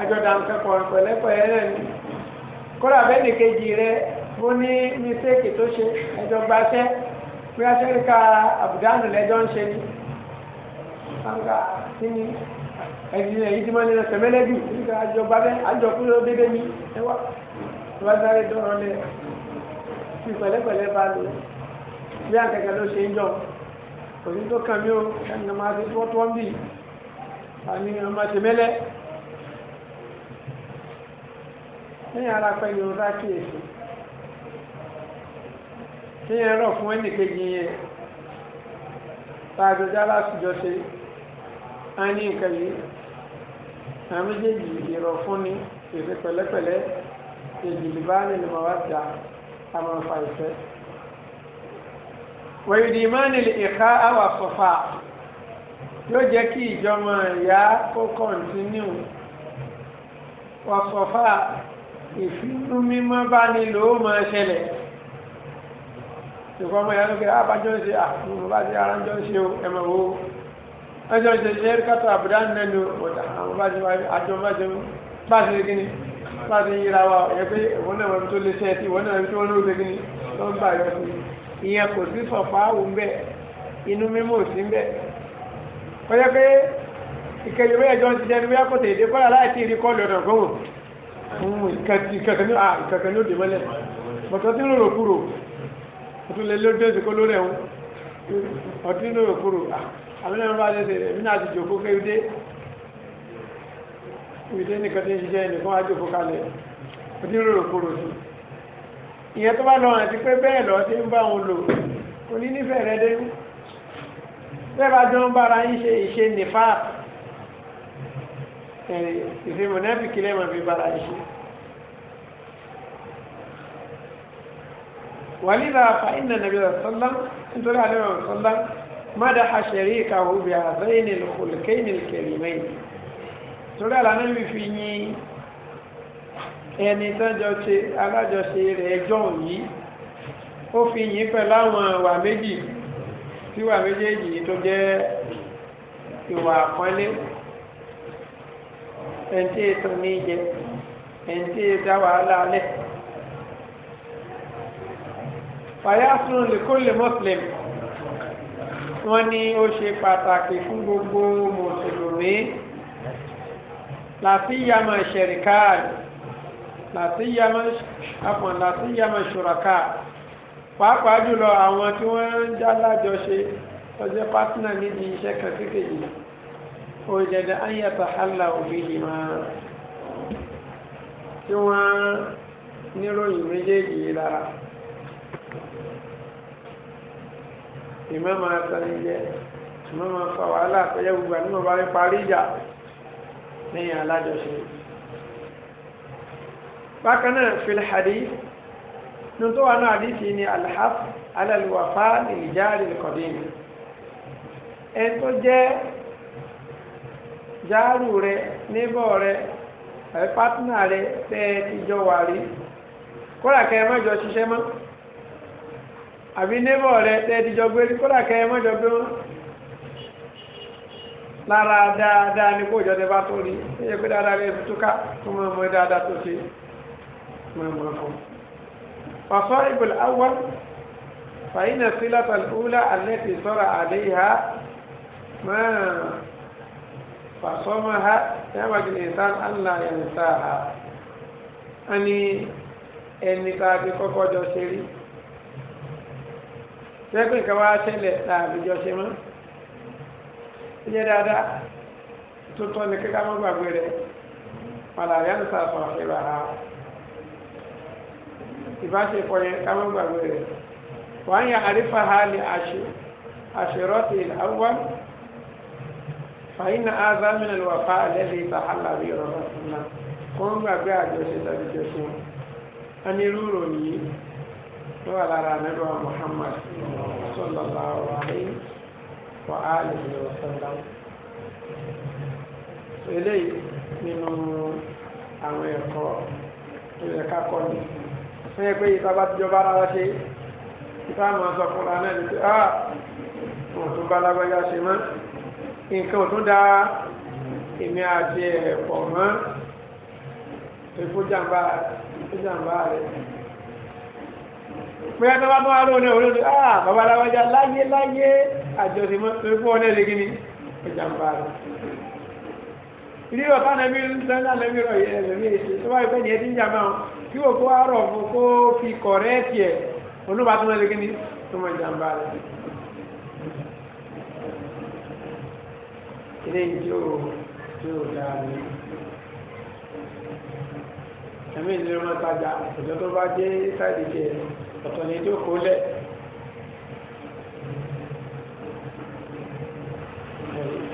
àjọdà nkẹ́kọ̀ọ́ pẹ̀lẹ́pẹ̀lẹ́ náà ni kódà bẹ́ẹ̀ nìkejì rẹ mo ní mistake tó ṣe ẹjọ́ gbaṣẹ́ pé aṣẹ́ríkà àbùdánù lẹ́jọ́ ń ṣe ni kíni ẹ̀yìn ẹ̀yìn tí wọ́n lé lọ́sẹ̀ mẹ́lẹ́dù nígbà àjọba bẹ́ẹ̀ àjọkú ló dédé mi ẹ wá tí wọ́n sáré dọ́rọ̀ lẹ fi pẹ̀lẹ́pẹ̀lẹ́ bá lò bí àkẹ́kẹ́ ló ṣe ń jọ òyìn tó kàn mí o ẹni ọmọ àti wọ́tọ́ ń bì àní ọmọ àti mẹ́lẹ́ lẹ́yìn ara pẹ́ yorùbá kíyèsí kíyẹn rọ̀ fún ẹnìkejì yẹn tààdójá látijọ́ ṣe á ní nǹkan yìí àwọn méjèèjì ìrọ̀ fún ni èdè pẹ̀lẹ́pẹ̀lẹ́ èjì lè bá nílùú jà àmọ́ ìfà ìfẹ́ wẹ̀yìndìmánì ìka àwà fọ̀fà yóò jẹ́ kí ìjọmọ ìyá kó kọ̀ǹtínú wà fọ̀fà ìfinú mímọ́ bá nílò ó máa ṣẹlẹ̀ ìfọmọ ìyá lókè abájọ ń ṣe àkùnrin bá ti ara ń jọ ń ṣe ẹmọ wo ọjọ́ ṣe ṣe kátó àbúdá nínú ọ̀dà àwọn bá ti wá àjọ bá ti bá ti rí kíni bá ti yíra wa ẹgbẹ́ ìwọ náà wọn tó lé ṣẹ́ẹ̀tì ìwọ náà wọn tó lé kíni tó ń bá yọ sí i ìyẹn kò sí sọ̀fà áwò ń bẹ̀ inú mímú ò sí ń bẹ̀ kọjá pé ìkẹyìn bẹ́ẹ̀ jọ ti dẹnu bẹ́ẹ̀ kò tẹ̀ èdè kọ́lá láì tí ì rí kọ́ọ̀lù ọ̀nà gbọ́n ìkẹ̀kẹ̀ ní òde mọ́lẹ̀ bọ̀tọ̀ tí ń rò kúrò òtún lè lóde èsì kó lórí ẹ̀hún ọtí ń kúrò àwọn ẹ̀rọ bá lè tẹ̀lé náà ti jòkó kéwìdé ìdí nìkan tí ń ṣiṣẹ́ nìkan á jòkó kalẹ̀ òtí ń kúrò sí ìyẹn tó bá lọ àti pé bẹ́ẹ̀ lọ ti ń bá wọn lò kò ní nífẹ̀ẹ́ rẹ dénú bẹ́ẹ̀ bá jọ ń bára yín ṣe ìṣe nìfà ìṣe mọ̀nẹ́bìkì lẹ́mọ̀ fi bára yín ṣe. ولذا فإن النبي صلى الله عليه وسلم انتظر عليه وسلم مدح شريكه بهذين الخلقين الكريمين ترى النبي في ẹni tọ́jọ́ ṣe alájọṣe rẹ̀ ẹjọ́ yìí ó fi yìn pẹ̀lú àwọn ìwà méjì tí ìwà méjèèjì tó jẹ́ ìwà àpọ́nlé ẹni tí ètò ní jẹ ẹni tí èdá wàhálà alẹ́. fàyà lèkólè mọ́sílẹ̀mù wọ́n ní ó ṣe pàtàkì fún gbogbo mùsùlùmí láti yàmọ̀ ṣẹ̀ríkáàlì làtíyàmà ṣùràká pàápàá jùlọ àwọn tí wọ́n ń já lájọṣe ọjọ́ pátínà níbi iṣẹ́ kan kékeré ó jẹ́dẹ̀ ayẹ́ta hálà òbí yìí máa tí wọ́n níròyìn méjèèjì lára ìmọ̀ máa tani jẹ́ ìmọ̀ máa fa wàhálà pẹ̀lú gbogbo àdúgbò bá rí parí ìjà lẹ́yìn alájọṣe bákanáà filhadi ní tó wà náà àdìsí ni alhaf alalwafa lìjáàrí kọ̀dín ẹni tó jẹ́ jáàrú rẹ níbọ̀ rẹ àbí pátínà rẹ tẹ́ ẹ ti jọ wà rí kódà kẹ́ ẹ má jọ ṣiṣẹ́ mọ́ àbí níbọ̀ rẹ tẹ́ ẹ ti jọ gbé rí kódà ẹ má gbé mọ́ lára dáadáa ni kó ìjọba tó rí ẹ yẹ pé dáadáa rẹ fi túká tó mọ̀ ọmọ dáadáa tó ṣe. مامهم فصاحب الأول فإن الصلة الأولى التي صار عليها ما فصمها ينبغي الإنسان أن لا ينساها أني ẹni tá a fi kọ́kọ́ jọ ṣe rí tẹ́gbìn kan wá ṣẹlẹ̀ tá a fi jọ ṣe mọ́ ó yẹ dáadáa tó tọ́ ni kíkà mọ́ gbàgbé rẹ̀ màlàrí à ń sàfàṣẹ́ rà á. ìbáṣepọ̀ yẹn ká má gbàgbé rẹ̀ wọ́n yà àrífà ha lè àṣírọ́tì ìlàwọ́ fàyínà azámìnà lè wà fà àlẹ́lẹ́ ìta ọ̀rọ̀ kó ń gbàgbé àjọṣe tàbí jọṣe yìí ló wà lára Muhammad sallallahu eléyìí nínú àwọn ẹ̀kọ́ fún yẹ pé yìí sábà ti jọba ara wa ṣe ìta àwọn aṣọ fúnra náà ní pé a ah, wọn tún bá lágbájá ṣe mọ́ nǹkan ò tún da èmi àti ẹ̀ mọ́ ìfújàmbá ìfújàmbá rẹ̀ bóyá tó bá tó lóun náà olóòtú ah bàbá aláwájá láyé láyé àjọsìn mọ́ pé fún ọdẹ lè gíní ìjàmbá rẹ̀ ilé ọ̀tá nàbí ń sẹ́ńdà nàbí rọ̀ yẹ ẹ̀rẹ̀ mi èsì tó bá pé ní ẹ ti ń jàmbá wọn kí òkú àárọ̀ fún kó fi kọ̀rẹ́ẹ̀tì ẹ̀ olúwa tó máa lè kíni tó máa jàǹbá rẹ̀. ilé ìjó ìjó dáa ni ẹ̀mí ìlú wọn tajà òjò tó bá dé sáìdì jẹ ọ̀tọ̀ ní ìjó kó lẹ̀.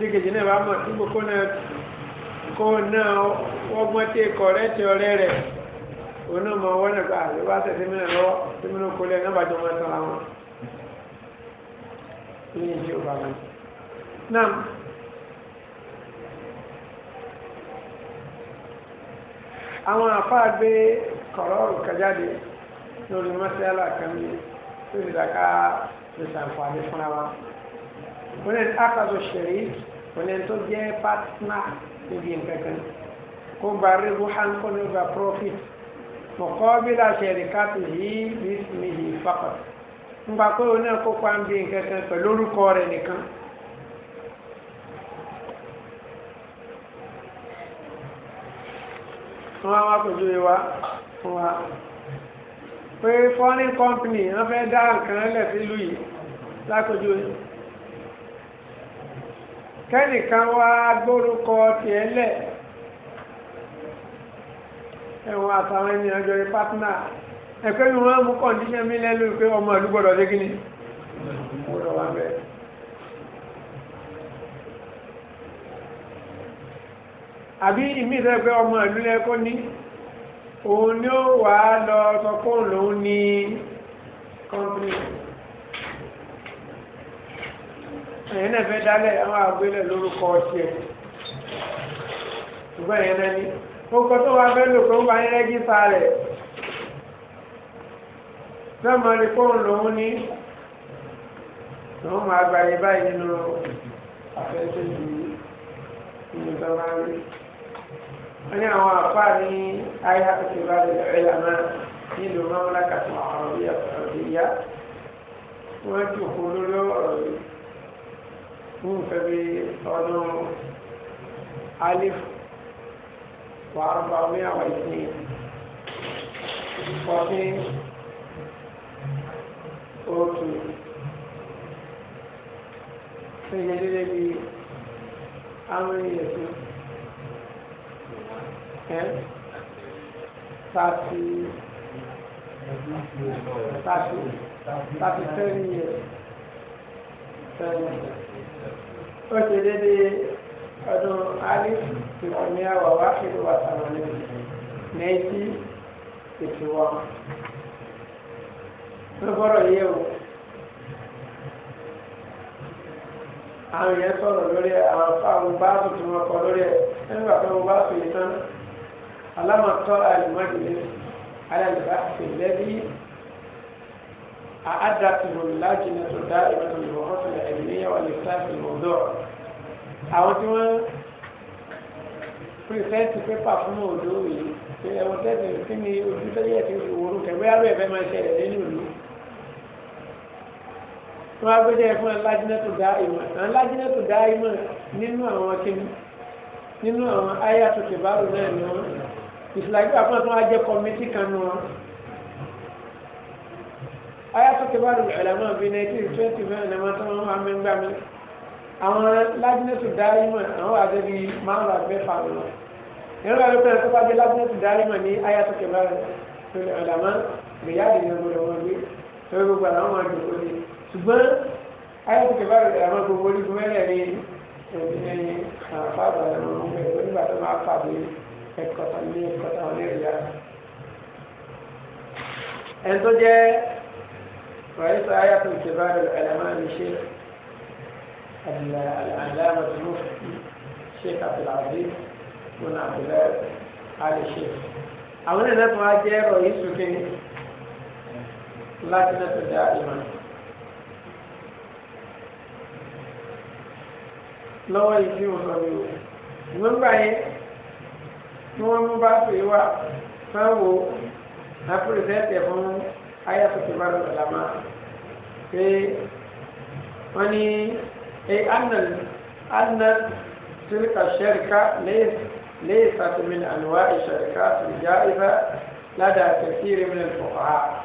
tí kejì náà bá mọ̀ tí gbogbo náà kó náà wọ́gbọ́n tẹ kọ̀rẹ́ẹ̀tì ọ̀rẹ́ rẹ̀ oní ọmọ ọwọ́ nípa àti bá tẹ̀sí mi náà lọ́wọ́ tí mi náà kó lé ẹ̀ náà bàjọ́ máa tán àwọn ní ìdí ọba mi. náà àwọn àfáà gbé kọ̀rọ̀ òkàjáde lórí mọ́sálà kan mi tó ti dàka ìsànfààní fúnra wa. oní àkàtò ṣẹ̀rí oní tó jẹ́ pátínà níbi nǹkan kan kó gba rẹ́gùn hàn kó ní gba profit mọ̀kọ́bílà ṣẹ̀ríkàtì yìí bísímì yìí fàkọ̀ nípa pé òun náà kópa ń bí nǹkan kan pẹ̀lú orúkọ rẹ̀ nìkan. wọ́n wá pẹ̀lú ìwà fún wa pé foreign company wọ́n fẹ́ dá nǹkan lẹ̀ yìí lápẹ̀jú yìí kẹ́nìkan wá gbórúkọ tiẹ̀ lẹ̀ ẹ̀wọ̀n àtàwọn ẹni àjọ pátínà ẹ̀pẹ́ wọ́n mú kọ́ndíṣẹ́ mi lẹ́nu pé ọmọ ìlú gbọ́dọ̀ dé kíni àbí ìmí ìfẹ́ pé ọmọ ìlú lẹ́kọ́ ní òun ni ó wà á lọ sọ ó kọ́ tó wá fẹ́ lò pé ó bá yín rẹ́gísà rẹ̀ sọ́mọ ni fóun lòún ní lòún máa gba ayé báyìí nínú afẹ́fẹ́ yìí nínú tó máa ń rí wọ́n ní àwọn àpá ní ayé àkọsí bá lè rẹ̀ lànà nílùú mọ́mọ́lá kàtó àwọn ọ̀rọ̀ yà ọ̀rọ̀ yìí yá wọ́n ti kú lórí ọ̀rọ̀ yìí fún ìfẹ́ bí ọdún alif وأربعمائة واثنين fourteen oh two fẹ̀yìn ẹ̀dẹ́dẹ́ bí àwọn èèyàn tó ẹ́ thirty thirty thirty seven years seven ó ṣe déédéé ọdún alẹ́. تسعمائة وواحد وثمانين نايتي تسوان lọ́fọ́rọ̀ yẹ o àwọn yẹn sọ̀rọ̀ lórí àwọn fáwọn báàbù tí wọ́n kọ lórí ẹ̀ nígbà tó wọ́n báàbù yìí tán alámọ̀tọ́ àlùmọ́dìlẹ́ alẹ́lẹ́bá fìlẹ́bí àádàtìmọ̀ lájìnà tó dá ìbátan ìwọ̀n ọ̀sẹ̀ ẹ̀mí yẹn wà lè sáà ìwọ̀n dọ̀ àwọn tí wọ́n pírífẹ́ǹtì pépà fún òdo yìí ṣe ẹ̀wọ̀n tẹ́sán kí ni ojú tó yẹ kí òru kẹ̀wé arú ẹ̀fẹ́ máa ṣẹlẹ̀ nínú ìlú. wọ́n á gbéjẹ́ fún alájínẹ́ tó dá ìmọ̀ alájínẹ́ tó dá ìmọ̀ nínú àwọn kíni nínú àwọn ayé àtúntò báwo náà ni wọ́n ìsìlájú àpọ́n tó wá jẹ́ kọ́mítì kan nu wọn. ayé àtúntò báwo ni ìlànà bíi nineteen àwọn lábínẹ́tù dárímọ̀ àwọn àdébí márùn àgbẹ̀fà wọn ìrọ̀lẹ́ àlùkò tó bá dé lábínẹ́tù dárímọ̀ ní ayatollah kẹfà rẹ̀ ọ̀làmọ́ gbèyàdì ní ọmọdé wọn gbé lórí gbogbo àwọn ọmọ àjòkó ni ṣùgbọ́n ayatollah kẹfà rẹ̀ àwọn gbogbo orí gbọmẹ́lẹ̀ ní ẹ̀yìn àfàbà ẹ̀rọ nígbà tó máa fà bí ẹ̀kọ́ta ní ẹ̀kọ́ta wọn ní ẹ̀yà ẹ̀ńtọ́jẹ́ rẹ̀ sọ ayatollah kẹfà rẹ̀ ọ̀làmọ́ العلامة المفتي الشيخ عبد العزيز بن عبد الله آل الشيخ àwọn ẹ̀rọ tó wá jẹ́ ẹ̀rọ yìí sókè láti náà tó dá ìmọ̀ lọ́wọ́ yìí fi wọn lọ́wọ́ yìí wọ́n gbà yẹn tí wọ́n mú bá pè wá sanwó àpèrèsẹ́tì fún ayé àtúntò bá lọ́la máa pé wọ́n ní. اي ان ان تلك الشركه ليس ليست من انواع الشركات الجائفه لدى كثير من الفقهاء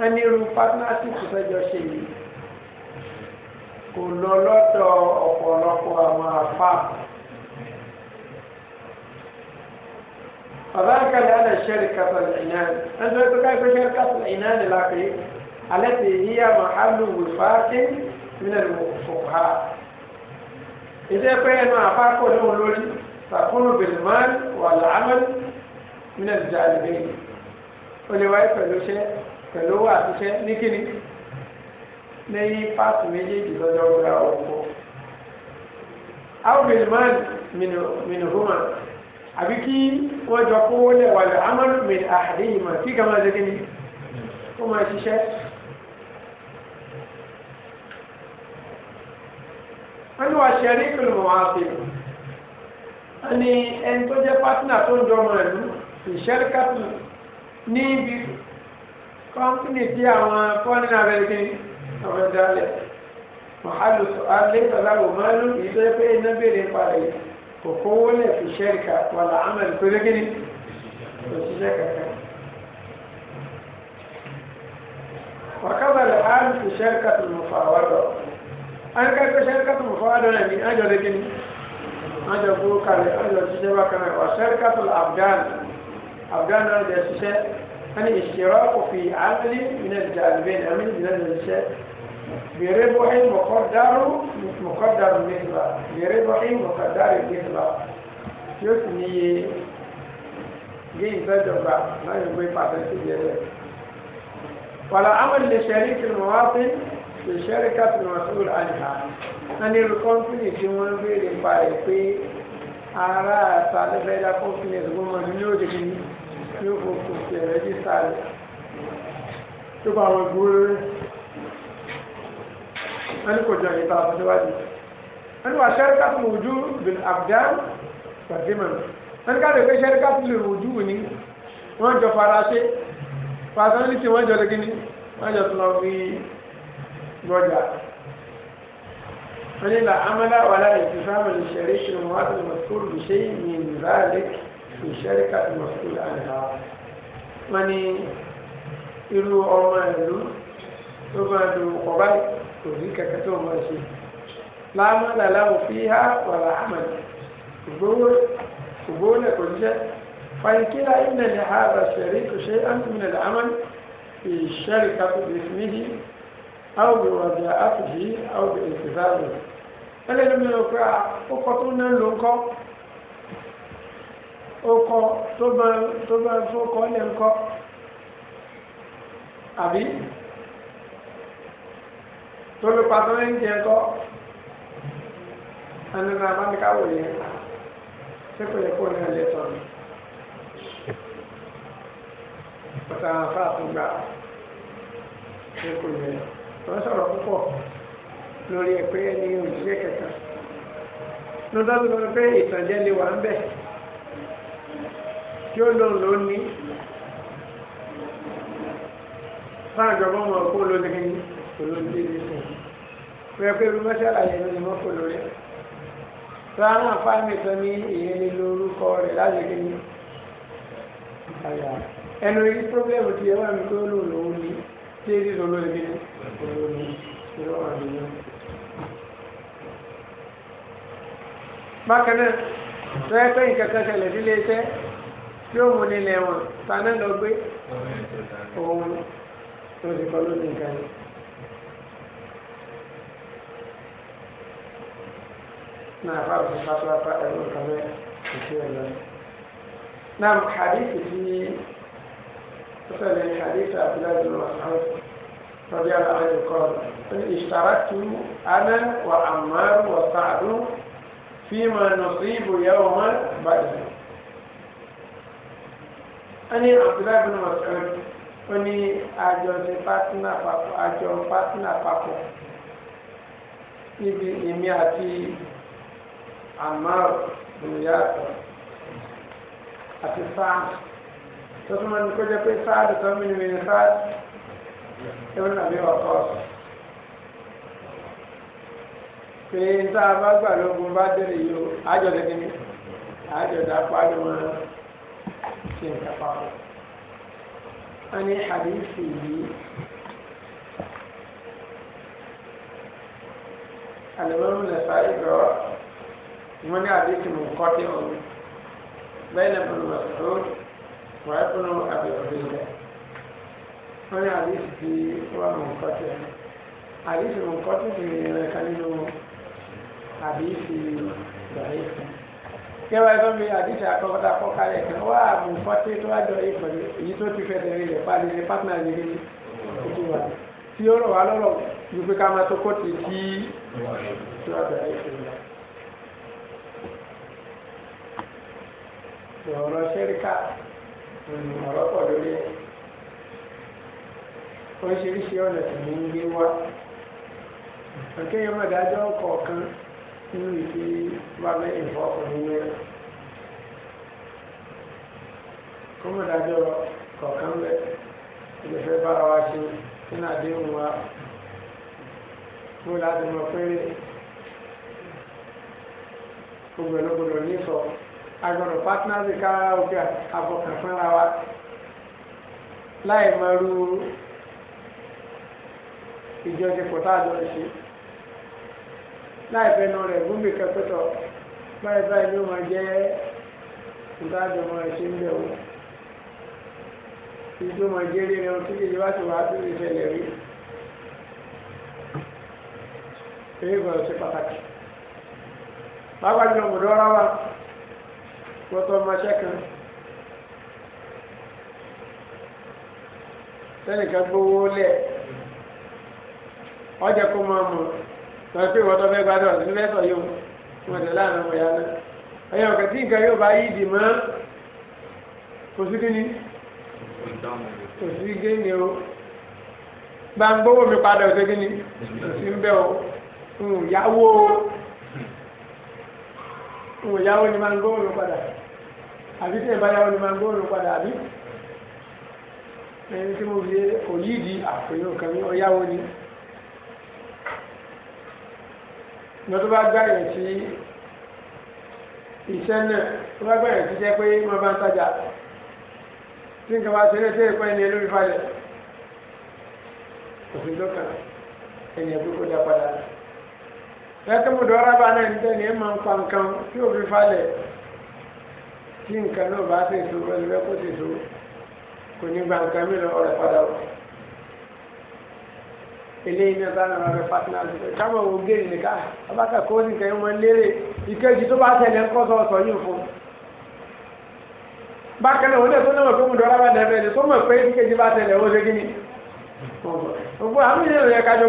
اني روبات ناسي تسجل شيء كل لوتو او كونوكو ما فاق فذلك لأن شركة العنان أنت تقول شركة العنان التي هي محل وفاق mílẹ̀ ló fọ̀kọ̀ ha ìdí ẹgbẹ́ ẹnu àpapọ̀ ní wọn lórí sàkúrò bèlèmán wà láàmán mílẹ̀ ló jáde bẹ́ẹ̀ ó lè wáyé pẹ̀lú iṣẹ́ pẹ̀lú owó àtiṣẹ́ ní kíni lẹ́yìn páàkì méjèèjì lọ́jọ́ gbọ́dá ọ̀pọ̀ àwọn bèlèmán mìnìhùmá àbí kí wọ́n jọ kó lẹ̀ wà wọ́n ní wà ṣẹ̀rí ìpìlẹ̀ mọ̀ wá sí i wọ́n ní ẹni tó jẹ́ pátínà tó ń jọ ọmọ ẹ̀lú ìṣẹ́rí kátó ní ibi kọ́ńpínì tí àwọn fọ́nìyàn rẹ̀ gbé àwọn ẹ̀dálẹ̀ mọ̀hálù alẹ́ ìtọ́láwò mọ́lú ìṣe pé iná béèrè parí kò kówó lẹ̀ fi ṣẹ́rí ká wà láàmì tó dé gíní kò ṣiṣẹ́ kankan. wàkàbàlẹ̀ àlù fi ṣẹ́rí kátó fà wá lọ. alikato sharikatu mufaadala ni ajo lakini ajo kuruka ajo sise bakana wa sharikatu abdan abdan ajo sise hani ishtiraku fi aqli min aljanibain amin min aljise بربح مقدر مقدر مثله بربح مقدر مثله يثني gbé ìgbẹ́jọba láyé gbé pàtàkì yẹrẹ. Wàlá àmàlẹ̀ ṣẹ̀rí kìlọ̀ wá sí ìṣẹ́rí captain rasul aliha wọ́n ní irú kọ́ńpìnì tí wọ́n ń béèrè pa ẹ̀ pé ara àta lẹ́fẹ̀ẹ́ dá kọ́ńpìnì ẹ̀sùn mọ́ ní ní òde kìíní ní òfò kò fi rẹ́jísítà rẹ̀ tó bá wọn gbúrú rẹ̀ wọ́n ní kò jọ ìta àfọ̀síwájú wọ́n ní wà ṣẹ́rí captain ojú bin abdan fatima wọ́n ní káàdì pé ṣẹ́rí captain ojú ni wọ́n jọ faraṣe fàtàlì tí wọ́n jọ lẹ́gìnì wọ́n jọ tó lọ fi رجع فلا عمل ولا اتفاق للشريك المواد المذكور بشيء من ذلك في الشركة المسؤول عنها أو ما إلو ثم أمالو قبل وذيك كتوم ماشي لا عمل له فيها ولا عمل قبول قبول كل شيء فإن كلا إن لهذا الشريك شيئا من العمل في الشركة باسمه aw bi wàjà àtìjì aw bi ìsìsáàbì ẹlẹ́ni mi ò pé a ó kọ́ tó ná ló ń kọ́ ó kọ́ tó bá tó bá tó kọ́ lẹ́ ń kọ́ àbí tó ló pa tó ń jẹ kọ́ ẹnìyàn abánikáwò yẹn ṣé kò yẹ kó ní ẹlẹ́ tọ́ mi pàtàkì àfa àtúgbà ṣé kò yẹ wọ́n sọ̀rọ̀ púpọ̀ lórí ẹ̀pẹ́ ní òṣìṣẹ́ kẹta lọ́dọ́dún lọ́dọ́ pé ìtànjẹ lè wà ń bẹ̀ tí ó lòun ló ní fáàjọba ọmọ ọkọ olóògùn olóògùn ìlú sùn pé pé bí mọ́ṣálà yẹn ni wọ́n kò lórí rárá fáàmì tán ní ìyẹn ní lórúkọ rẹ̀ láti gbé ní ẹnu yìí pírọ́blẹ́mù ti yẹ wà mí pé ó lòun lòun ní tí èyí ló lóye bí ìwọ wà nínú. bákan náà tọ́yẹ́ pé nǹkan kan ṣẹlẹ̀ nílé iṣẹ́ tí ó mú nílẹ̀ wọn ta náà lọ gbé òun tó ti kọ́ lónìí nǹkan yìí. náà bá òfin pátápátá ẹ̀rọ nǹkan mẹ́rin kò sí ẹ̀ lọ. náà hadithi ti ní. مثلا حديث عبد الله بن مسعود رضي الله عنه قال اشتركت انا وعمار وسعد فيما نصيب يوم بدر أنا عبد الله بن مسعود أني أجو باتنا فاكو أجو باتنا فاكو ibi èmi àti Ammar bin Yasir tó tún máa ní kó jẹ́ pé sáàdù tó mí ní sáàdù ẹ̀wọ̀n nàbí ọ̀kọ́ pé tá a bá gbà lógun bá délé yìí o àjọ lẹ́gbẹ̀ẹ́ mi àjọ dàpọ̀ àjọ máa ṣe nǹkan papọ̀. a ní àdéhùn yìí alimami nafa ibrɔ mo ní àdéhùn kọ́tí ọ̀hún bẹ́ẹ̀ ni mo lọ sọ́ọ́. وابن أبي عبيدة أنا حديث في ومنقطع حديث منقطع كان حديث ضعيف kẹwàá ẹgbẹ́ mi àdìsí àkọ́kọ́tà kọ́kálẹ̀ kan wá àbùfọ́tì tó wá jọ ìfọ̀ èyí tó ti fẹ́ tẹ̀lé rẹ̀ pàdé ní pátánà ní ojú wa tí ó rọ̀ wá lọ́rọ̀ ju pé ká máa tó kó ti kí tó wá bẹ̀rẹ̀ ìfọ̀ yìí. ọ̀rọ̀ ṣẹ́ríkà ọ̀rọ̀ pọ̀ lórí ẹ̀ oríṣiríṣi ọ̀nà tẹ̀mí ń gbé wá àkéèyàn mọ̀dájọ́ kọ̀ọ̀kan nínú ìfi wà lẹ́yìn fọ́ọ̀kùnrin náà kó mọ̀dájọ́ kọ̀ọ̀kan bẹ́ ìgbẹ̀fẹ́ bára wa ṣe nínú agbọ̀dọ̀ partners ká òkè àfọkàn fúnra wa láì mọ̀rú ìjọsìnpọ̀ tá a jọ ṣe láì fẹnu rẹ̀ gúnbì kẹpẹtọ̀ báyìí báyìí ló máa jẹ́ ìdájọ́ máa ṣe ń bẹ̀ wò ìdó máa jẹ́ rí ẹran tí kejì bá ti wà á tó lè ṣẹlẹ̀ rí èyí gbọ́dọ̀ ṣe pàtàkì. bàbá jùlọ mọ̀dọ́ rárá. wọ́n tọ́ ọmọ aṣẹ́ kan sẹ́nìkan gbowó lẹ̀ ọjà kó máa mọ̀ lọ́sí pé wọ́n tọ́ fẹ́ gbádùn àti mẹ́sọ̀ yóò wọ́n tẹ̀ láàrin ọmọ ìyá náà mi padà ọ̀sẹ̀ gini o ń ń ni máa àbí tí ìbáyà wọn ni máa ń gbóòrò padà àbí ẹni tí mo fi òyìdí àpèyàn kan ní ọyáwó ni lọ tó bá gbàyàn sí iṣẹ́ náà tó bá gbàyàn sí iṣẹ́ pé wọ́n bá ń tajà tí nǹkan bá ṣeré tí èèpẹ́ ni lórí falẹ̀ òfin tó kàn ẹni ẹ̀gbẹ́ kó dá padà. lẹ́tọ́ mo dọ́ra bá náà ní tẹ́ni ẹ̀ máa ń pa nǹkan tí òfin falẹ̀ tí nǹkan náà bá ṣe so ẹlẹ́fẹ́ kó ṣe so kò ní gba nǹkan mi lọ́wọ́ rẹ̀ padà wọ̀ eléyìí náà sáà náà rẹ̀ pàtínàlì rẹ̀ káwọn òun géèrè nìka abáka kó nìkan yẹn wọn lérè ìkejì tó bá tẹ̀lé ńkọ́ sọ sọ yìí fún bákan náà wọn dẹ̀ tó náà mọ̀ pé mo dọ́ra bá dẹ̀ fẹ́ tó mọ̀ pé ìkejì bá tẹ̀lé wọn ṣe kí ni gbogbo àmì ìlú yẹn kájọ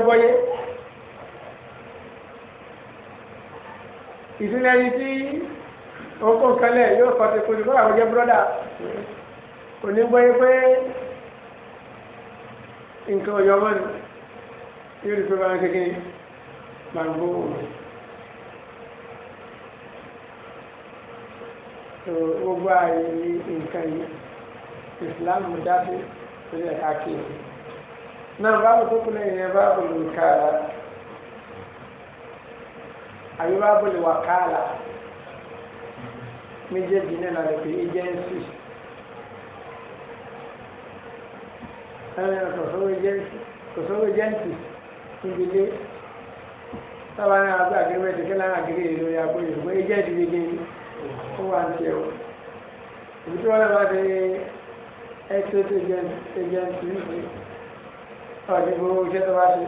tí ọkọ kalẹ̀ yóò fàṣẹ kojú kó àwọn jẹ́ búrọ́dà kò ní gbọ́ yẹ pé nǹkan ọ̀yọ́ mọ́ni yóò rí pé bá ń kékeré máa ń gbó òun. gbogbo ààyè nǹkan yìí islam dábì lórí ẹ̀ka kéwì náà báwo tó kún lẹ́yìn yẹn báwo lè ká àyè báwo lè wà káàlà méjèèjì náà lálẹ́ pé agency ẹ̀rọ kòsówó agency ìdílé sábà náà àgbà agreement kí lára agreement yìí lórí àpò ìṣòwò agent yìí ni ó wà ní tiẹ̀ o ìbí tí wọ́n lè bá ti exit agent yìí sí ọ̀dẹ̀ gbogbo iṣẹ́ tó bá ṣe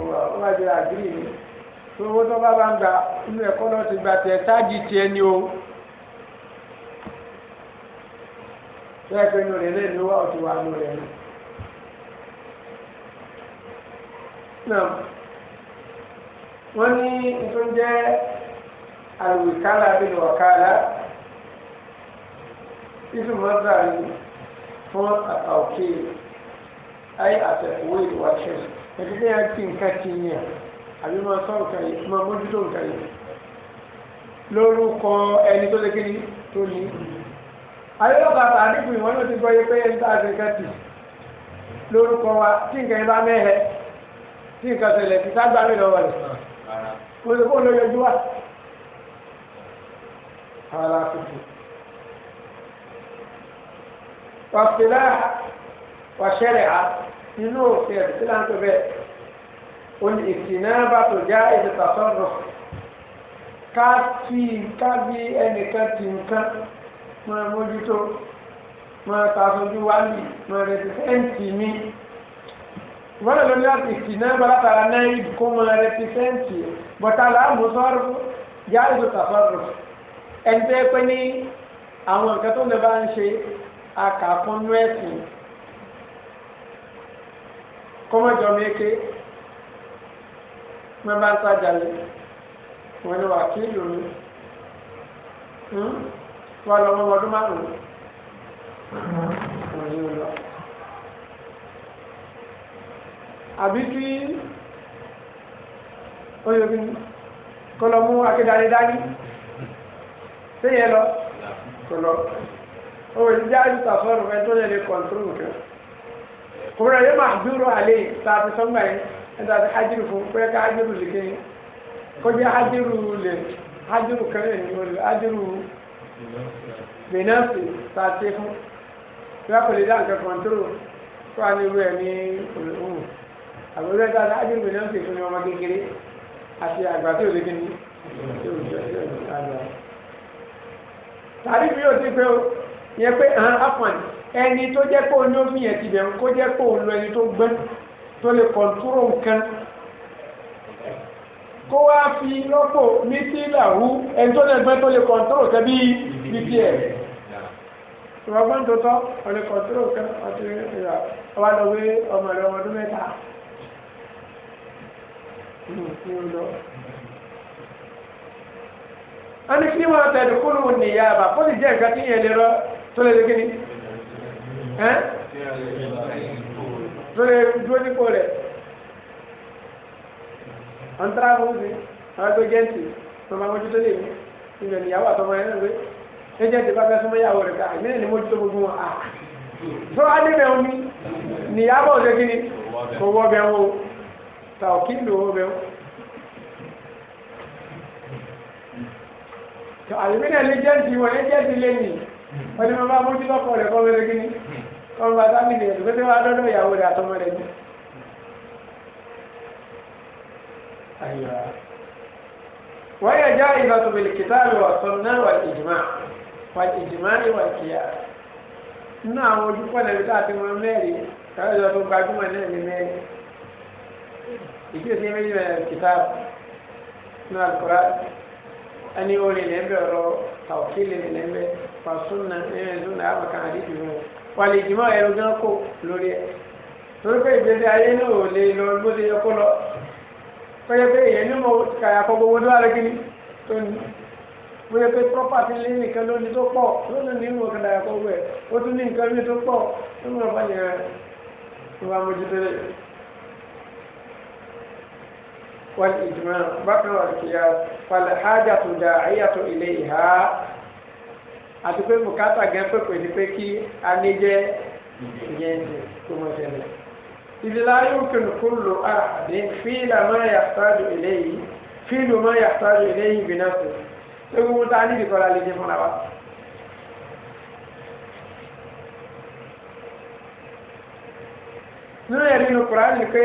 ó wà jẹ́ agreement gbogbo tó bá bá ń gbà inú ẹ̀kọ́ náà ti gbà tẹ̀ ṣáàjì tiẹ̀ ni o. bẹ́ẹ̀ pé inú rẹ̀ lẹ́yìn ló wá ọ̀tún wá inú rẹ̀ náà. wọ́n ní tó ń jẹ́ àlùwìkálà bíi wàkálà isu mọ́tà yìí fún àtàwọ̀kì ayé àtẹ̀wé ìwàṣẹ́ ẹ̀dínlẹ́ yà kí nǹkan ti yàn àbí máa sọ nǹkan yìí máa mójútó nǹkan yìí lórúkọ ẹni tó lé tó ní ayélujára àdìgbò ìwọ náà ti gbọ́ yẹ pé ẹni tá a fi kẹ́tì lórúkọ wa tí nǹkan yẹn bá mẹ́hẹ tí nǹkan ṣẹlẹ̀ tí ságbá mi lọ́wọ́ rẹ̀ kò sí fóònù yọjú wa. ara kùtù wàsílà wàṣẹrẹ a inú òfin ẹ̀sìn sílá tó bẹ́ẹ̀ o ní ìsìnà bá tó já ìdìtà sọ̀rọ̀ ká fi ká bí ẹnìkan ti nǹkan máa mójútó máa tasojú wálì máa rẹpẹsẹ́ǹtì mi wọ́n lọ ní láti sì náà balátara náà ibi kó máa rẹpẹsẹ́ǹtì bọ́tà láàmú sọ́rọ̀ yáà ló tàfọ́rọ̀ ẹni tó yẹ pé ní àwọn nǹkan tó ń bá ń ṣe akàkúnnú ẹ̀sìn kọ́mọ́jọ́ méke wọ́n bá ń tajà lé wọ́n ní wàkílù mi tó a lọ ọmọ ọdún márùn-ún wọ́n yóò lọ. àbí kí oyèbí kọlọ mú akédáni dání séyẹ lọ kọlọ owó ìdíjà àdúgbò àfọwọ́rọ̀ mẹ́tọ́ yẹn lè kọ̀ǹtúrò nǹkan kòmìnà yẹn máa dúró àlẹ́ tààtì sọ́gbà yẹn ẹ̀dá àti hajiru fún pé ká hajiru lè kéyìn kọjá hajiru lè hajiru kẹrẹ ní hajiru bìnẹ́ẹ̀sì tá a ṣe fún lápẹ̀lẹ́ dá nǹkan kọ̀ǹtúrò tó wà nínú ẹ̀ ní olùhùn àbúrò ẹ̀ka ṣáájú bìnẹ́ẹ̀sì fún ọmọ kékeré àti àgbà tí ò lè kíni tí ò jọ sí ọ̀dọ̀ àgbà. tàbí bí yóò ti pé o yẹ pé hàn afọ̀n ẹni tó jẹ́ pé oní omi yẹn ti bẹ̀rù kó jẹ́ pé òun lọ ẹni tó gbẹ́ tó lè kọ̀ǹtúrò nǹkan kó wá fi lọ́pọ̀ ní sí ìlàwú ẹni tó lẹ́gbẹ́ tó lè kọ̀ǹtọ́rò kẹ́ bí bíbí ẹ̀. ìwọ̀gbọ́n tó tọ́ ọ̀lẹ́ kọ̀ǹtọ́rò kẹ́ ọtí ìyá ọba lọ wé ọmọ rẹ ọmọ ọdún mẹ́ta. a ní kí wọ́n tẹ̀lé kúrò nìyá àbá kó lè jẹ́ nǹkan tí yẹn lè rọ tó lè lékè ní. tó lè dúró nípò rẹ̀ ọ̀ntara àwọn oṣù àwọn ẹgbẹ́ jẹ́ǹtì tọmọ amójútó lè mú ìyẹn ìyàwó àtọmọ ẹ̀ náà pé jẹ́ǹtì bá fẹ́ súnmọ́ ìyàwó rẹ̀ ká àgbẹ̀rẹ̀ ni mójútó gbogbo wọn à tó adébẹ̀ omi níyàbọ̀ ọ̀sẹ̀ kí ni owó ọbẹ̀ wọn o do me ta ọ̀kí ń lò owó ọbẹ̀ wọn. àlùmínà lè jẹ́ǹtì wọn ẹ jẹ́ǹtì lé nì wọ́n ti máa mójútó ọkọ rẹ̀ kọ́ أيوة وهي جائزة بالكتاب والسنة والإجماع والإجماع والقياس nínú àwọn ojúkọ̀nà ibi tá a ti mọ mẹ́rin káwé ìjọba tó gbajúmọ̀ náà ní mẹ́rin ìdí òsì méjì bẹ̀rẹ̀ kìtà nínú àkùrá ẹni orin lè bẹ̀ ọ̀rọ̀ tàwọ̀kìlì lè bẹ̀ fàṣúnà ẹ̀rẹ̀ ṣúnà àmàkà àdìdì wọn wà lè jìmọ̀ ẹ̀rọ gán kó lórí ẹ̀ torí pé ìgbésí ayé náà ò lè lọ bó ṣe yẹ kó lọ pẹ́yẹ pé èyàn ní mo kàyà kọ́ gbogbo dúró alẹ́ kìíní tó ní pẹ́yẹ pé property lé nìkan lónìí tó pọ̀ lónìí ní mo kàyà kọ́ gbogbo ẹ̀ ó tún ní nǹkan mi tó pọ̀ tó mú ọba yẹn ìwà mójútó lé. wọ́n ìjùmọ̀ bákan wà kíyà falẹ̀ hájà tó da àyàtọ̀ ilé ìhá àti pé bùkátà gẹ́ pẹ̀pẹ̀ ni pé kí a ní jẹ́ ìyẹn tó mọ̀ sí إذ لا يمكن كل أحد فيل ما يحتاج إليه فيل ما يحتاج إليه بنفسه ewu ta ni bi kọla le ni fúnra wa nínú ẹ̀rí nínú Kùránì pé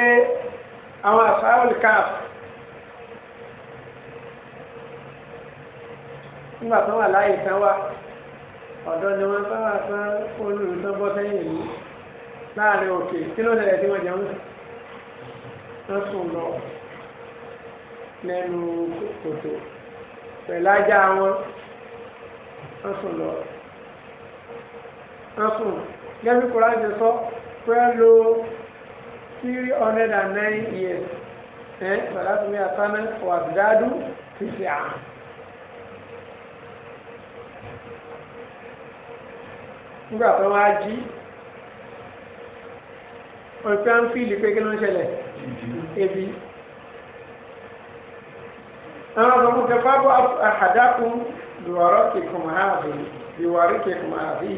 àwọn àṣàwọ̀lì káàf nígbà tó wà láàyè tán wá ọ̀dọ́ ni wọ́n bá wà tán olùdókòwò sẹ́yìn yìí láàrin òkè kí ló ṣẹlẹ̀ tí wọ́n jẹun wọ́n sùn lọ lẹ́nu kòtò pẹ̀lú ajá wọn wọ́n sùn lọ wọ́n sùn gẹ́gẹ́ kó láti sọ pé lo three hundred and nine years ẹ̀ bàbá tó ní àtàná wà dádú fífi àná. nígbà tó wá jí ọ̀pẹ́ à ń fíìlì pé kí ló ń ṣẹlẹ̀ ebi. àwọn ọ̀gbọ̀n kò kẹfà bọ́ àhàdákùn lùwọ̀rọ̀ kìkùn ààbò ìwàrí kìkùn ààbí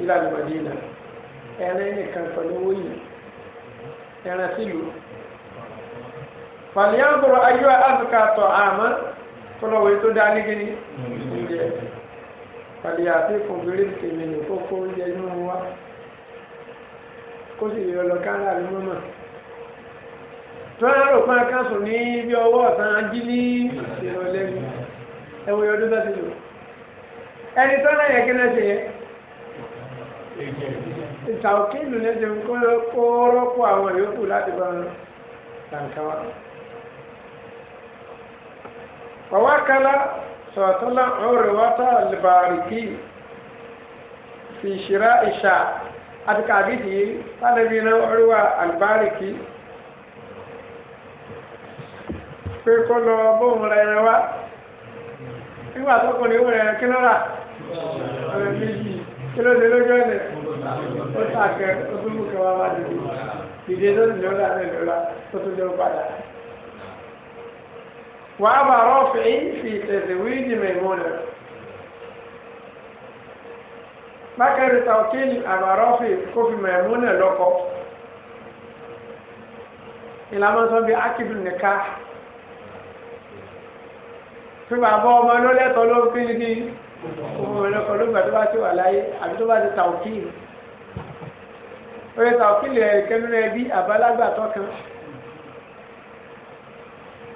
ìlànà Mádínà ẹ̀rẹ́ nìkan pẹ̀lú owó yìí ẹ̀rẹ́ sílùú. fàlíyàbọ̀rọ̀ ayé àbùkà tọ̀ àmọ́ fọlọ́wọ́ ètò dání gíní oúnjẹ fàlíyàbí fún bèrè tèmi nìkókó oúnjẹ inú wa kó sì lè lọ kára rẹ mọ́mọ́ tó ń rò pé akáṣù ní bí ọwọ́ ọ̀sán ají ní ìrọ̀lẹ́ mi ẹ̀wọ̀n ọdún bá ti lò ẹni tó náà yẹ kí náà ṣe yẹ ìta òkè ìlú náà ṣe ń kó rọ́pò àwọn yòókù láti bá wọn tàǹkà wa. ووكل صلى الله عليه وسلم عروة الباركي àti kàdídì yìí sálẹ̀bí iná ọrúwà àlùbáríkì pé kó lọ bóun rẹ ẹran wá nígbà tó kàn ní ìwé ẹran kí ló rà ọ̀rẹ́ méjì kí ló dé lójú ẹ̀nẹ̀ ó tàkẹ́ ó tún mú kẹwàá wá dìde dìde tó sì lọ́la ní ìlọ́la tó tún jẹun fi mákẹ́rì tàwọ́kìlì àbárọ́fì kó fi Maimuna lọ́kọ ìlànà sọ bí akíbi nìka fi bàbá ọmọ ló lẹ́tọ̀ọ́ ló fi ní ọmọ lọ́kọ lóògbà tó bá ti wà láyé àbí tó bá ti tàwọ́kìlì oye tàwọ́kìlì ẹ̀kẹ́nu rẹ̀ bí àbálágbà tọ́kan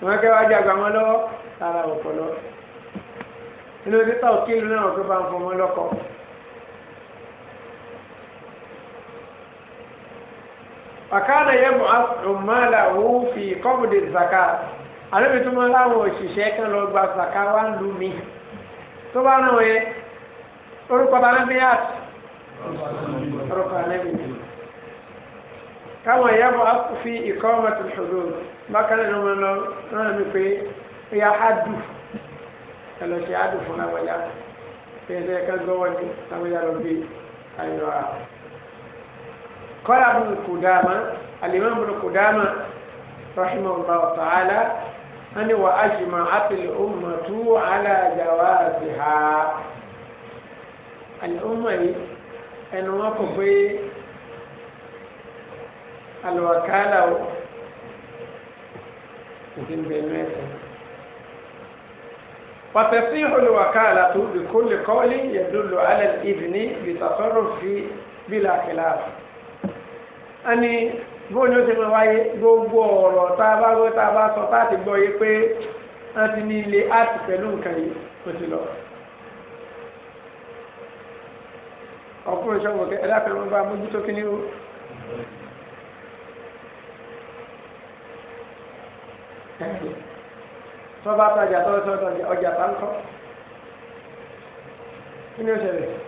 wọn kẹ́ wá jágbá wọn lọ́wọ́ tara ọ̀pọ̀lọ́ inú títà òkìlì náà wọn tó bá ń fọmọ lọ́kọ. fakana yẹmu asumalawo fi kọbùdì zaka alóbi tó máa láwọn òṣìṣẹ́ kan lọ gba zaka wá lu mi tó ba náà yẹ orúkọ bá nàbí yàt orúkọ nàbí káwọn yẹmu fi na ṣòro bákan náà wọn lọ náà mi pé ya adu ẹ lọ ṣe ya pé ẹ ṣe ká gbọ́ ya قال ابن قدامة الإمام ابن قدامة رحمه الله تعالى أن وأجمعت الأمة على جوازها الأمة أن وقف الوكالة وتصيح الوكالة بكل قول يدل على الإذن بتصرف بلا خلاف ẹni bó ni ó ṣe máa wáyé gbogbo ọ̀rọ̀ tá a bá gbọ́ tá a bá sọ tá a ti gbọ́ yé pé wọ́n ti ní ilé áàtì pẹ̀lú nǹkan yìí kò sí lọ. ọkùnrin sọ̀rọ̀ kẹ́ ẹ̀dá pẹ̀lú bá mójútó kí ni ó. tọ́ba tajà tọ́ba tọ́ba ọjà tá ń kọ́ kí ni ó ṣẹlẹ̀.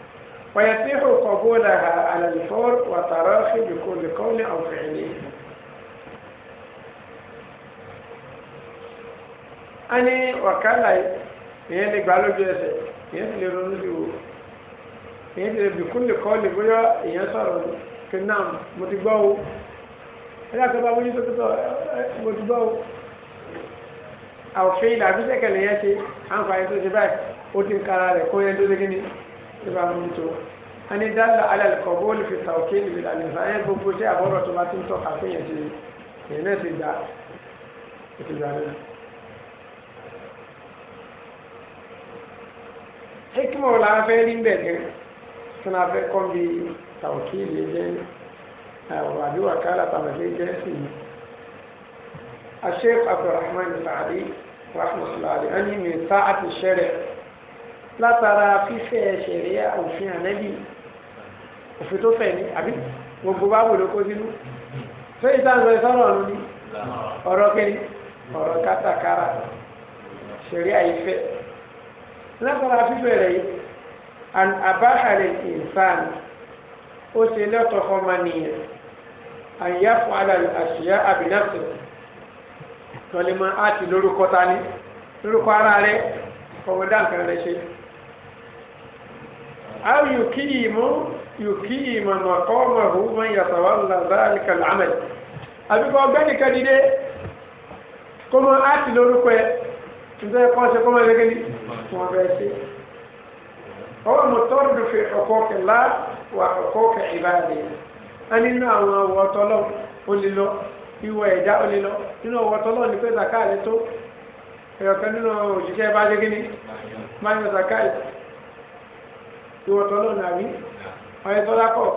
ويصيح قبولها على الفور وتراخي بكل قول أو فعل أني وكالا ìyẹn lè gbà lójú ẹsẹ̀ ìyẹn sì lè ronú sí wo ìyẹn sì lè bìkún lè kọ́ lè bóyá ìyẹn sọ̀rọ̀ pé náà mo ti gbọ́ o ẹ̀dá tó bá wọ́n tó tó mo ti gbọ́ o àwòfin ìlà àbísẹ̀kẹ̀ lè yẹn ṣe àǹfààní tó ṣe báyìí ó ti ń kara rẹ̀ kó yẹn tó ṣe kí ni ìbá mú tó wọn ní dáńdá alẹ́ kọ́ bóòlù fi ta òkè ìlú ìlànà ìfàyẹ gbogbo tí àbọ̀rọ̀ tó bá ti ń tọ́ka pé yẹn ti yẹn náà ti gbà ètò ìgbà náà. hikima wo la fẹ́ rí bẹ́ẹ̀ gẹ́ sọ́nà fẹ́ kọ́ bí tàwọ̀kì lè jẹ́ ọ̀rọ̀ àbí wàkálà tàwọ̀kì jẹ́ sí الشيخ عبد الرحمن السعدي رحمه الله عليه أني من ساعة الشرع látara fífẹ́ ṣẹ̀ríà òfin ànẹ́bí òfin tó fẹ̀ ní àbí gbogbo bá wò ló kó sínú ṣé ìtàǹsọ ìsọ̀rọ̀ ọ̀run ni ọ̀rọ̀ kẹ́ni ọ̀rọ̀ kátàkárà ṣẹ̀ríà ìfẹ́ látara fífẹ́ rẹ̀ yìí àbáhàrẹ̀ ìfàn ó ṣe lẹ́tọ̀ọ́ fọmọnìyàn àyàfọ alàlù àṣìyá àbínáfẹ́ lọ́lẹ́mọ́ á ti lórúkọ ta ni lórúkọ ara rẹ̀ fọwọ́dá nǹkan rẹ̀ ṣe. أو يقيم يقيم مقامه من يتولى ذلك العمل àbí kọ́ ọgbẹ́ni kan dìde kó mọ áàtì lórúkọ ẹ̀ nítorí kọ́ ṣe kó mọ ẹgbẹ́ ní wọn bẹ́ẹ̀ ṣe. ọwọ́ mo tọ́rọ̀ dùn fi ọkọ̀ kẹlá wà ọkọ̀ kẹ ìbáàdì ẹ nínú àwọn ọwọ́ ìwọ tọ́lọ́ nàbí ọ̀yẹ́ tọ́lá kọ̀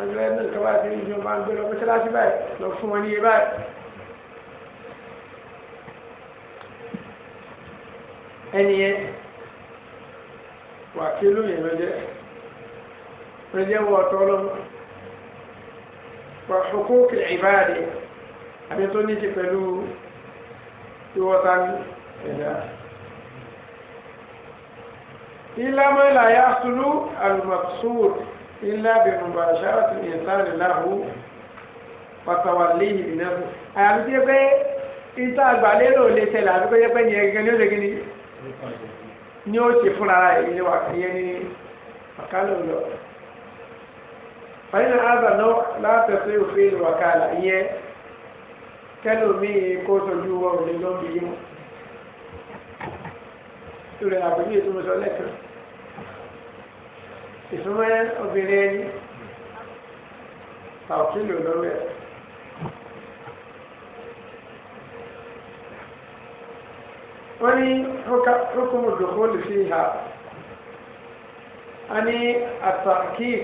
ọ̀yẹ́ náà nǹkan bá ti rí ìjọ máa ń gbé lọ mọ́ṣáláṣí báyìí lọ fún wọn níye báyìí. ẹni yẹn wà kí lóyìn lọ́jẹ́ lọ́jẹ́ wọ tọ́lọ́ wà huquqi ibadi àbí tó ní ti pẹ̀lú ìwọ́ta ẹ̀dá ìlàmọ́ ìlàyà sùlù al-maqsud ilá bẹ̀rùmbà ṣáàtì ìsáàlì láhù pàtàwàlì ìnáwó. àyàfi tí ó pé ìta àgbàlérò lè ṣẹlẹ̀ àbí kó yẹ pé yẹn gẹ́gẹ́ ní ó lè gíní ni ó ṣe fúnra ìyẹn wà ìyẹn ní àkálò lọ. fàyínà àgbà náà látẹ̀sí òfin ìwàkàlà ìyẹn kẹlòmíì kó sojú wọn ò lè lọ́ọ́ bí yín mọ́. ìrẹ̀ àpèjì ètò ìmọ̀sán lẹ́kọ̀ọ́ ìsúnmọ́ obìnrin ẹni tàùkìlì olórí ẹ̀ wọ́n ní hukumu dùkúlù sí ìhà a ní àtàkìk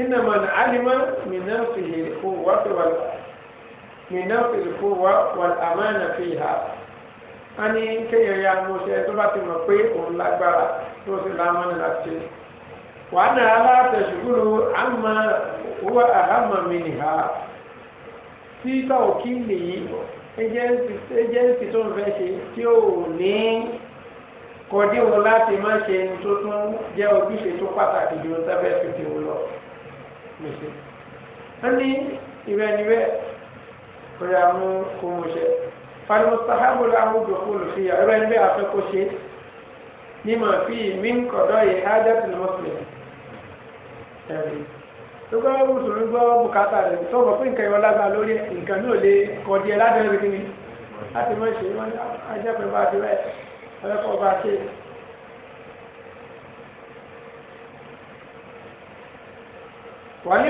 inna man alima min nafsihi al-quwwa wal min nafsihi a ní kéèyàn ya mọṣẹ tó bá ti mọ̀ pé òun lágbára tó sì lámọ ní láti wàá nà alátẹsùkúrú àmọ́ owó àhámọ mi nìha tí táwọn kí nìyí ẹjẹǹsì tó ń fẹ́ ṣe tí ò ní kọdí wọn láti má ṣe ní tó tún jẹ́ ojúṣe tó pàtàkì ju sábẹ́ fìdí wọn lọ lọsẹ wọn ní ìrẹniwẹ kọjá mú kó mọṣẹ. falimusahabu lahu dukulu fiya ẹrọ ẹni bẹ afẹkọ ṣe ni ma fi mi nkọdọ yìí hajjati muslim ẹbi tókọ mùsùlùmí gbọ́ bùkátà rẹ sọgbọ pé nǹkan ìwọlágbà lórí nǹkan ní òde kọdí ẹ ládùn ẹbí ma láti má ṣe wọn ajẹpẹ bá ti rẹ ẹlẹkọ bá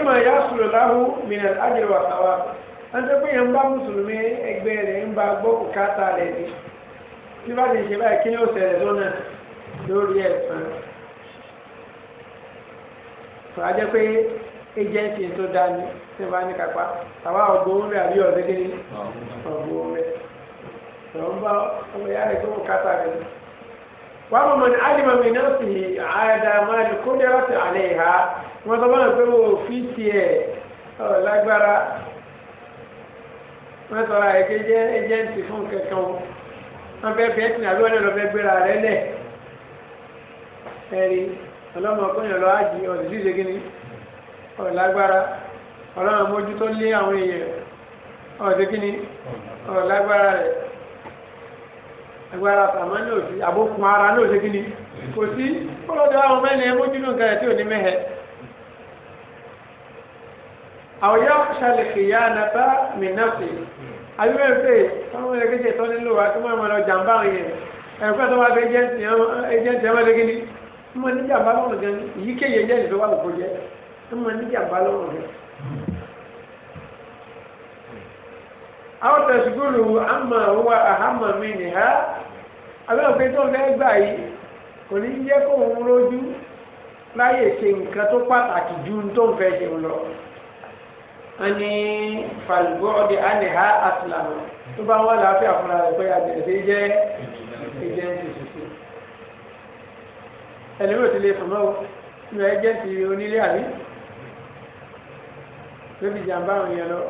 ma ya yá sùlù láhu mìíràn ájẹwà sáwà. ẹnitọ́ pé yẹn ń bá mùsùlùmí ẹgbẹ́ rẹ̀ ń bá gbọ́ bùkátà rẹ̀ ni tí bá ti ṣe báyìí kí ni ó ṣẹlẹ̀ lọ́nà lórí ẹ̀sán tọ́ a jẹ́ pé agency tó dá ní bá ní kápá àwa ọgbọ àbí ń bá ọmọ ìyá tó ni. wàá mọ̀ ní mi náà sì àlẹ́ wọ́n wọ́n sọ̀rọ̀ àyẹ̀kẹ́ jẹ́ ẹjẹ́ǹtì fún kẹ̀kẹ́ wọn wọ́n fẹ́ bẹ́ẹ̀ tìǹà lọ́wọ́ náà lọ́ fẹ́ gbéra rẹ lẹ̀ ẹ̀rí ọlọ́mọ kọ́nyàn lọ́ ájì ọ̀dẹ̀ sí ìṣègìní ọ̀lágbára ọlọ́mọ mójú tó lé àwọn èèyàn ọ̀dẹ̀ kíní ọ̀lágbára rẹ̀ agbára tàmá ní òsì àbókùn ara ní òsì kíní kò sí kọ́lọ́dọ̀ àwọn mẹ́lẹ̀ mójú nù aw yakhsha al-khiyanata min nafsihi àbí bẹ́ẹ̀ pé táwọn ẹgbẹ́jẹ̀ tó nílò wa tó máa ma lọ jàǹbá àwọn yẹn ẹ̀fọ́ tó máa fi ẹjẹ́ǹtì ẹ̀mọ́ lé kíní ń mọ ní jàǹbá lọ́rùn gan ìyíkéyìí ẹjẹ́ǹtì tó wà lóko jẹ́ ń mọ ní jàǹbá lọ́rùn gan. aw tasgulu amma huwa ahamma minha àbí òfin tó fẹ́ gbà yìí kò ní yẹ kó ń rojú láyè ṣe nǹkan tó pàtàkì ju tó ń wọn ní falibọ́ọ̀dì àníhà àtìlámù tó bá wà láàfin àfúnra rẹ̀ pé àbẹ̀rẹ̀ sí jẹ́ ẹjẹ́ǹtì ṣiṣẹ́ ẹlẹ́mìí ò ti lè fọmọ́ o nínú ẹjẹ́ǹtì onílé àbí lóbi jàǹbá àwọn èèyàn lọ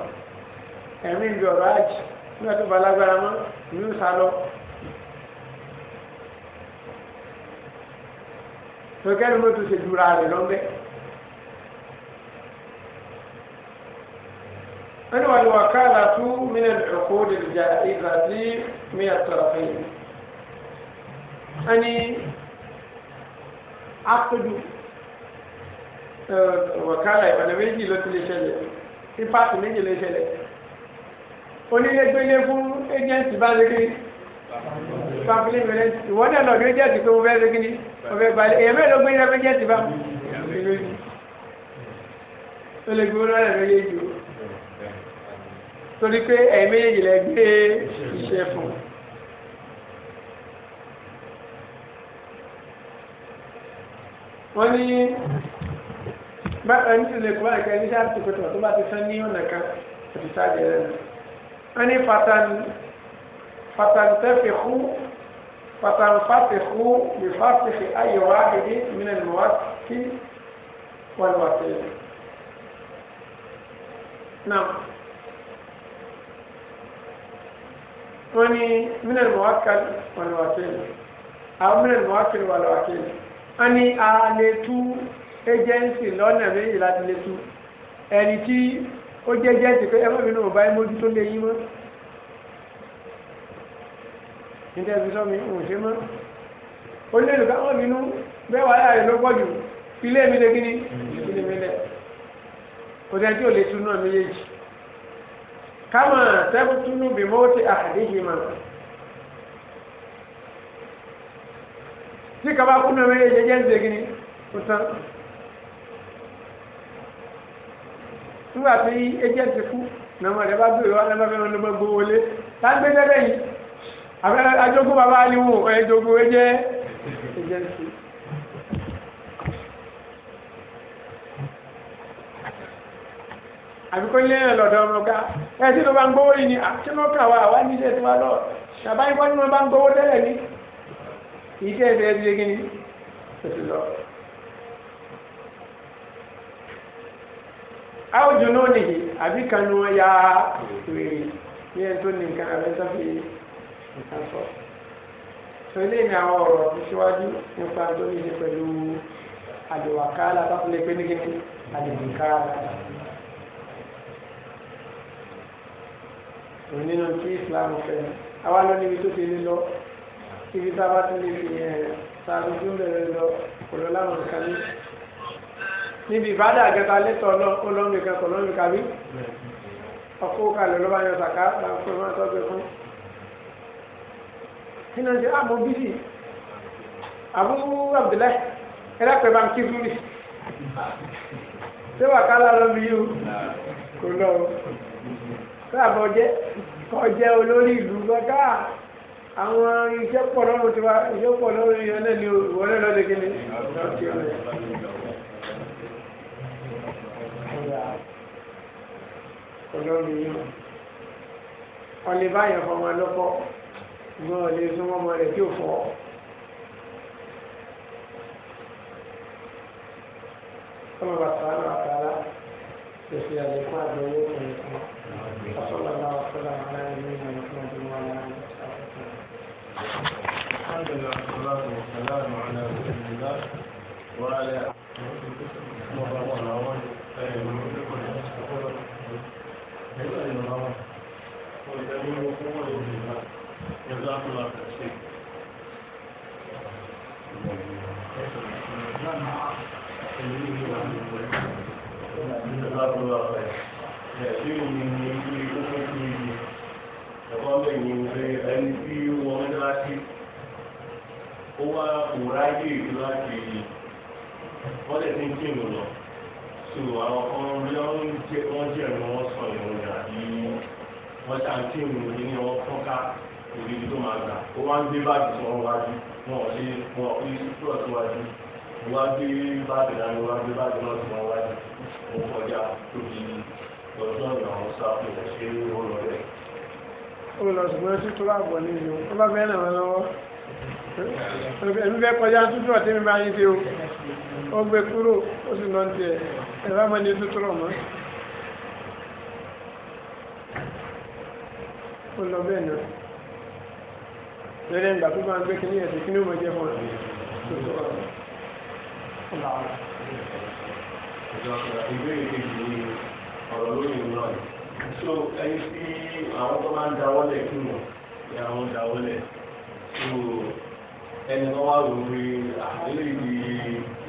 ẹ̀mí ń bí ọ̀rọ̀ àjì nígbà tó bá lágbára mọ́ ìlú sálọ. tòkẹ́ni mo tún ṣe dúra rẹ̀ lọ́mbẹ́. أنا الوكالة من العقود الجائزة من الطرفين أني عقد وكالة أنا بيجي لو تلي tí pàtó méje lè ṣẹlẹ̀ onílégbélé fún égẹ́ǹtì bá lé kiri pàfilé mẹrẹ ìwọ náà lọ́dún égẹ́ǹtì tó fẹ́ lé kiri ọ̀fẹ́ balẹ̀ èèyàn mẹ́rin ló gbé yẹn fún égẹ́ǹtì o lè gbé wọn lọ́dún méjèèjì o torí pé ẹ̀yin méjèèjì lẹ gbé iṣẹ́ fún un. wọ́n ní bákan tí lè kó báyìí kẹ́ ní sáà tó kọ́tọ̀ tó bá ti sán ní ọ̀nà kan àti sáàjì rẹ̀ nù. wọ́n ní pàtàkì tẹ́fẹ̀ kú pàtàkì fàtẹ̀ kú lè fàtẹ̀ ayọ̀wá èdè mìíràn lọ́wọ́ sí wọ́n lọ́wọ́ tẹ̀lé. náà. wọ́n ní minal muwakkal wal wakil àwọn minal muwakkal wal wakil wọ́n ní a lè tú agency lọ́nà méjì láti lè tú ẹni tí ó jẹ́ agency pé ẹgbẹ́ mi náà bá mójú tó lé yín mọ́ níta ẹbí sọ́mi ń ṣe mọ́ onílẹ̀ káwọn bínú bẹ́ẹ̀ wà láàrin ló pọ̀ jù ilé mi lé kí ni ilé mi lẹ̀ kò sẹ́ni tí ò lè tú náà méjèèjì kama tabtulu bi mauti ahadihima tí kaba kuna mẹ́rin jẹjẹ́ ń segin kusan nígbà tí ẹjẹ́ ti kú nàmọ́ ẹ̀dá bá bèrè wá lọ́mọ fẹ́ràn lọ́mọ gbowó lé lágbé lẹ́bẹ̀ yìí àbẹ́rẹ́ ajogún bàbá aliwo ẹ̀ẹ́dógún àbí kó lé ẹ̀ lọ́dọ̀ ọmọ ká ẹ tí ló bá ń gbowó yìí ni àti ló kà wá wá níṣẹ́ tí wá lọ bàbá yìí wọ́n ní wọ́n bá ń gbowó tẹ́lẹ̀ ní ìdí ẹ̀dẹ̀ ẹ̀dí ẹ̀gí ni tètè lọ. àwùjọ náà nìyí àbí kan ní wọ́n ya wèrè bí ẹni tó ní nǹkan abẹ́ sọ́fì nǹkan sọ. sọlé ní àwọn ọ̀rọ̀ tó ṣíwájú nípa tó ní ṣe pẹ̀lú àdìwàkálà tó fi lè pé ní kíni àdìwàkálà. òun nínú tí islam fẹ́ àwa lọ níbi tó ti lé lọ ibi tá a bá tún lè fi ẹ̀ ta lójú bẹ̀rẹ̀ lọ kò lọ láwọn nǹkan ní. níbi ìbádà àgẹta lẹ́tọ̀ náà ó lọ́ mi kan kò lọ́ mi kàbí ọkọ̀ kalẹ̀ ló bá yan sàká làwọn fún wọn tọ́jú fún. nínú ti àmọ́ bísí àbú abdullahi ẹ̀rẹ́ pẹ̀ bá kí fúri ṣé wàá kálá lọ́ mi yìí o lọ́wọ́ sábọ̀ jẹ́ kọjá olórí ìlú gbọ́dá àwọn iṣẹ́ pọ̀ lọ́rùn tí wá iṣẹ́ pọ̀ lọ́rùn yẹn náà ni ìwọlé lọ́dẹ kí ni. olórí yìí wọ́n lè báyọ̀ fọmọ lọ́pọ̀ gbọ́n lè súnmọ́ ọmọ rẹ̀ tí ò fọ́. ọmọ bàtà náà kàrà kò sí àlékún àgbẹ̀wò kan kan. صلى الله وسلم على نبينا محمد وعلى اله وصحبه وسلم. الحمد لله والصلاه والسلام على رسول الله وعلى اله وصحبه وسلم. جزاكم الله خير. جزاكم الله خير. ẹ̀sìn mi ni ilé kókó tó yẹ ẹ̀kọ́ bẹ́ẹ̀ ni pé ẹni tí wọ́n ń láti ó wá kò ráyè láti wọ́n lè ti ń kí ìlú lọ so àwọn kan bí wọ́n jẹ́ wọ́n jẹ́ ẹ̀rọ wọn sọ ìrìn àbí wọ́n ṣà ń kí ìlú ní wọ́n fọ́n ká òbí tó máa gbà ó wá ń gbé báàgì tó wọn wájú wọn ò lè wọn ò lè sùpúrọ̀ tó wájú wọ́n á gbé báàgì dání wọ́n á gbé báàgì náà tó wọn wájú wọn kọjá tóbi lọ́jọ́ ìyàwó sáfì rẹ̀ ṣe é ó lọ rẹ̀. ó lọ ṣùgbọ́n sí tó láàbọ̀ ní ìlú ó bá fẹ́ ràn wọ́n lọ́wọ́ èmi fẹ́ kọjá tútù ọ̀tí mi bá yín dé o ó gbé kúrò ó sì lọ tiẹ̀ ẹ̀rọ àmọ́ ní tútù rọ̀ mọ́. ó lọ bẹ́ẹ̀ náà lẹ́yìn ìgbà tó bá ń gbé kínní ẹ̀sìn kínní ó jẹ́ fún ọ. Ìbéèrè kejì ni ọ̀rọ̀ lórí ìlú náà so ẹni tí àwọn tó máa ń dáwọ́lẹ̀ kí mọ̀ ni àwọn dáwọ́lẹ̀ so ẹni tó wà lórí àlẹ́ ìdí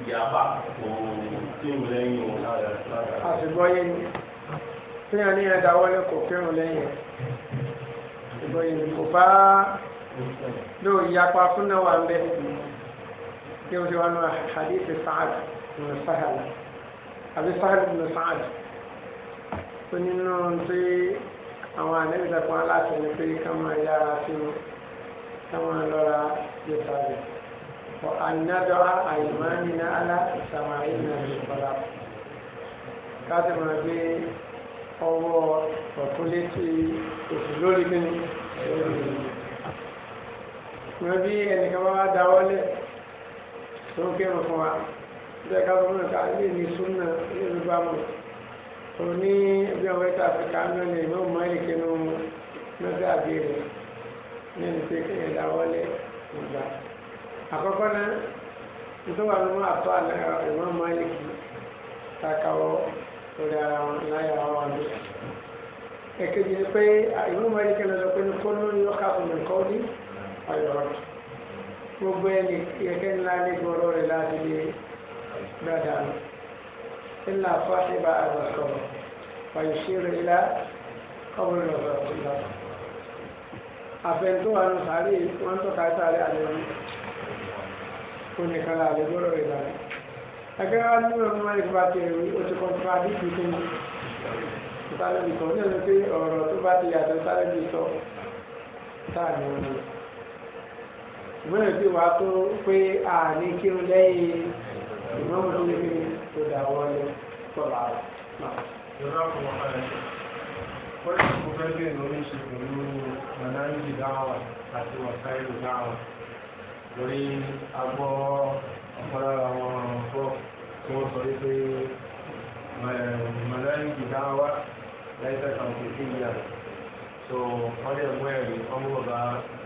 ìyapa òun tí ìwé lẹ́yìn òun lára. àtìgbọ́ yẹn ni tí a ní ẹ̀dáwọ́lẹ̀ kò kírun lẹ́yìn àtìgbọ́ yẹn ni kò bá lóò ìyapa fúnná wà ń bẹ kí o ti wá nù àdìsí sáàdì nù sáàdì àbí sáàdì nù sáàdì tó nínú pé àwọn ànẹ́bìtà kan aláṣẹ ni pé ká máa yára sí i ká máa lọ́ra yẹta rẹ̀ ọ ànádọ́ àyèmánínà alá ìsàmáyé náà lè fọlá ká sì máa gbé ọwọ́ ọ̀tún létí òsì lórí kíni lórí ìlú bí ẹnìkan bá wá dáwọ́lé tó ń kírun fún wa bẹ́ẹ̀ ká tó mú ìka ilé ní súnà ilé ìlú bá mú tó ní ẹgbẹ́ ọmọ ẹ̀ta Áfíríkà náà ní ìmọ̀ ọmọ ìrìnkè nù mẹ́fẹ́ àbíyẹ̀rẹ̀ ní ẹni pé kéèyàn dáwọ́lé ìgbà àkọ́kọ́ náà nítorí wà lọ́mọ àtọ́ àná ìmọ̀ ọmọ ìrìnkè takawọ́ lórí ara wọn láyà wọn wà lórí èkejì ni pé ìmọ̀ ọmọ ìrìnkè lọ́dọ̀ pé ní kónú ni ó fún mi kọ́ ní ọ̀yọ́ gbogbo ẹni kẹ́kẹ́ ńlá ní gbọ́dọ̀ rẹ̀ láti إلا صاحب هذا القبر فيشير إلى قبر رسول الله àfẹnudó wa ló sáré wọn tó ká sáré àlejò kó nìkan la àlejò rẹ ìlànà ẹgbẹ́ wa ní ìwé ọmọ ìgbà tó ẹrù ó ti kọńtà bí ibi tó ń sáré bí sọ ní ẹni pé ọ̀rọ̀ tó bá ti yàtọ̀ sáré bí sọ táà ní wọn lò ìmọ̀lẹ̀ tí wàá tó pé àní kírun lẹ́yìn ìmọ̀lẹ̀ tó lè fi tó dá wọlé tọ́lá rẹ̀ náà. ìjọba kò wọ́n ká ẹ̀ṣẹ̀ wọ́n ti kó fẹ́ bẹ́ẹ̀ lórí ṣe pẹ̀lú mọ̀nàmíjì dáhùn àti wọ̀sáìlù dáhùn lórí agbọ́ ọ̀pọ̀lára wọn ọ̀pọ̀ tí wọ́n sọ wípé mọ̀nàmíjì so wọ́n lè mú ẹ̀rí ọmọ bàbá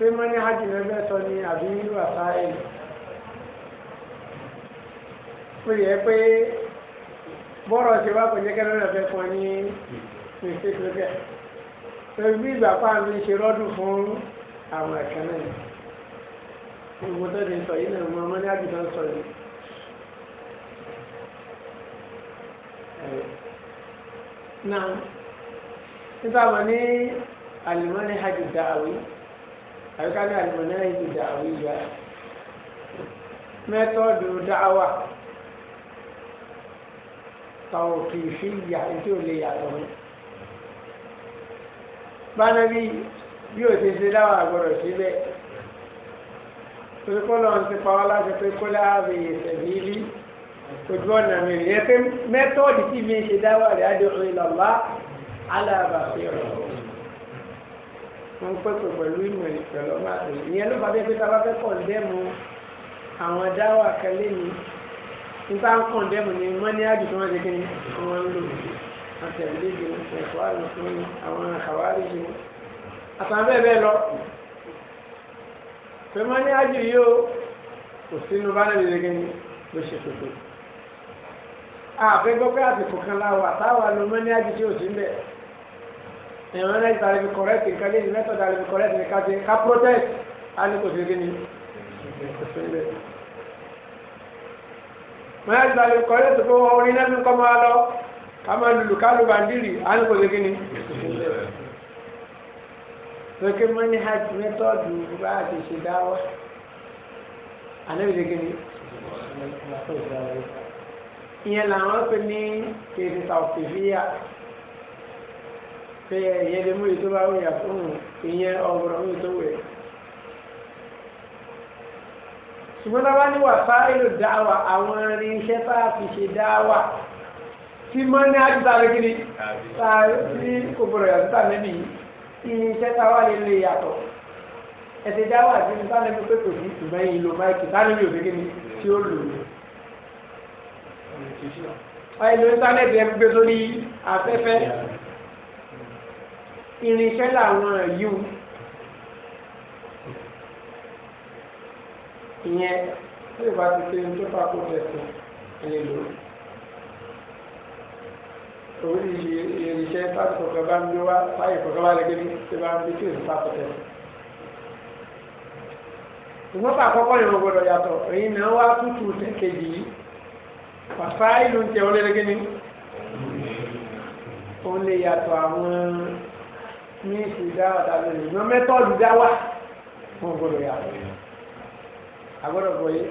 ṣé mọ́ní hajj lẹ́fẹ́ sọ ni àbí wàsá èlò ó yẹ pé bọ́rọ̀ ṣe wá kò jẹ́ kẹ́rẹ́ náà fẹ́ fún ọ ní mèsè lókè pẹ̀lú bí ìgbà pàǹdù ṣe rọ́dùn fún àwọn àbíká ní àlùmọ̀nà ìlú dàwí ìyá mẹ́tọ́ọ̀dù dáwà tàwọn kì í fi ìyà tí ò lè yàtọ̀ mọ́. bánabi bí o ti ṣe dáwà gbọdọ̀ síbẹ̀ torí kọ́lọ́ ń ti pa wá láti pé kó ojú ọ̀nà mi rèé pé mẹ́tọ́ọ̀dù tí mi ṣe dáwà rẹ̀ á dé ọ̀rẹ́ lọ́la alábàáfẹ́ ọ̀rọ̀ wọn pẹ̀pẹ̀ pẹ̀lú ìmọ̀ ìpẹ̀lú ọmọ àtẹ̀lẹ́ ìyẹn ló bá bẹ́ẹ̀ pé tá a bá fẹ́ àwọn dáwà kẹlẹ́ ni nípa ń kọ̀ndẹ́mù ni wọ́n ní àjùtò wọn ṣe kíni wọ́n ń lò àtẹ̀lẹ́ ju ẹ̀kọ́ àlùfún àwọn àkàwárí ju àtàwọn bẹ́ẹ̀ bẹ́ẹ̀ lọ pé wọ́n ní àjù yìí ó kò sínú bá lẹ́nu ṣe kíni ló ṣe kókó àfẹ́gbọ́pẹ́ àsìkò kan láwà táwà ló èèyàn náà ìta lè fi correct nǹkan ní ìmẹ́tọ̀ dá lè fi correct nǹkan ṣe ká protest á ní kò sí kí ni kò sí ilé. wọ́n yá ìta lè fi correct tó fún orin náà fi kọ́ máa lọ ká máa lùlù ká lù bàndìrì á ní kò sí kí ni. pèké mọ́ni hajj mẹ́tọ́ọ̀dù bá a ti ṣe dáwọ́ ànábìsẹ̀ kí ni ìyẹn làwọn pè ní kèrìtà òfìfíyà pé ẹ̀yẹ́ lè mú èyí tó bá wúyà fún ìyẹn ọ̀gbọ̀rọ̀ mú èyí tó wúyà. ṣùgbọ́n tá a bá ní wàsá ìlú dáwà àwọn irinṣẹ́ tá a fi ṣe dáwà tí mọ́ ní àdúgbò àgbègbè tá a ti kò gbọdọ̀ yàtọ̀ tá a nẹ́bí irinṣẹ́ tá a wà lè lè yàtọ̀ ẹ̀sẹ̀ dáwà àti ní tá a pé kò sí ìtumọ̀ yìí ló máa tá a nẹ́bí òfegè ni tí ó lò ó. ọ̀yẹ́ ló irinṣẹ́ làwọn yìí ìyẹn tí ìbá ti ṣe ní tó fà kó tẹ̀sán ẹni lò oríṣi irinṣẹ́ pásítọ̀ kan bá ń gbé wá táyì kọ̀ọ̀kan bá lẹ́gbẹ́ ní tí bá ń gbé tí òṣìṣẹ́ pásítọ̀ tẹ̀sán ṣùgbọ́n tá àkọ́kọ́ yẹn wọ́n gbọ́dọ̀ yàtọ̀ èyí náà wá tútù tẹ̀kejì yìí pàṣẹ ìlú ń tẹ̀ lẹ́lẹ́gẹ́ ní òun lè yàtọ̀ àwọn ní ìdáwà tàbí rẹ̀ ìgbọ́n mẹ́tọ́ọ̀dù dáwà wọn gbọ́dọ̀ yà wọ́n agbọ́dọ̀ bọ̀ yé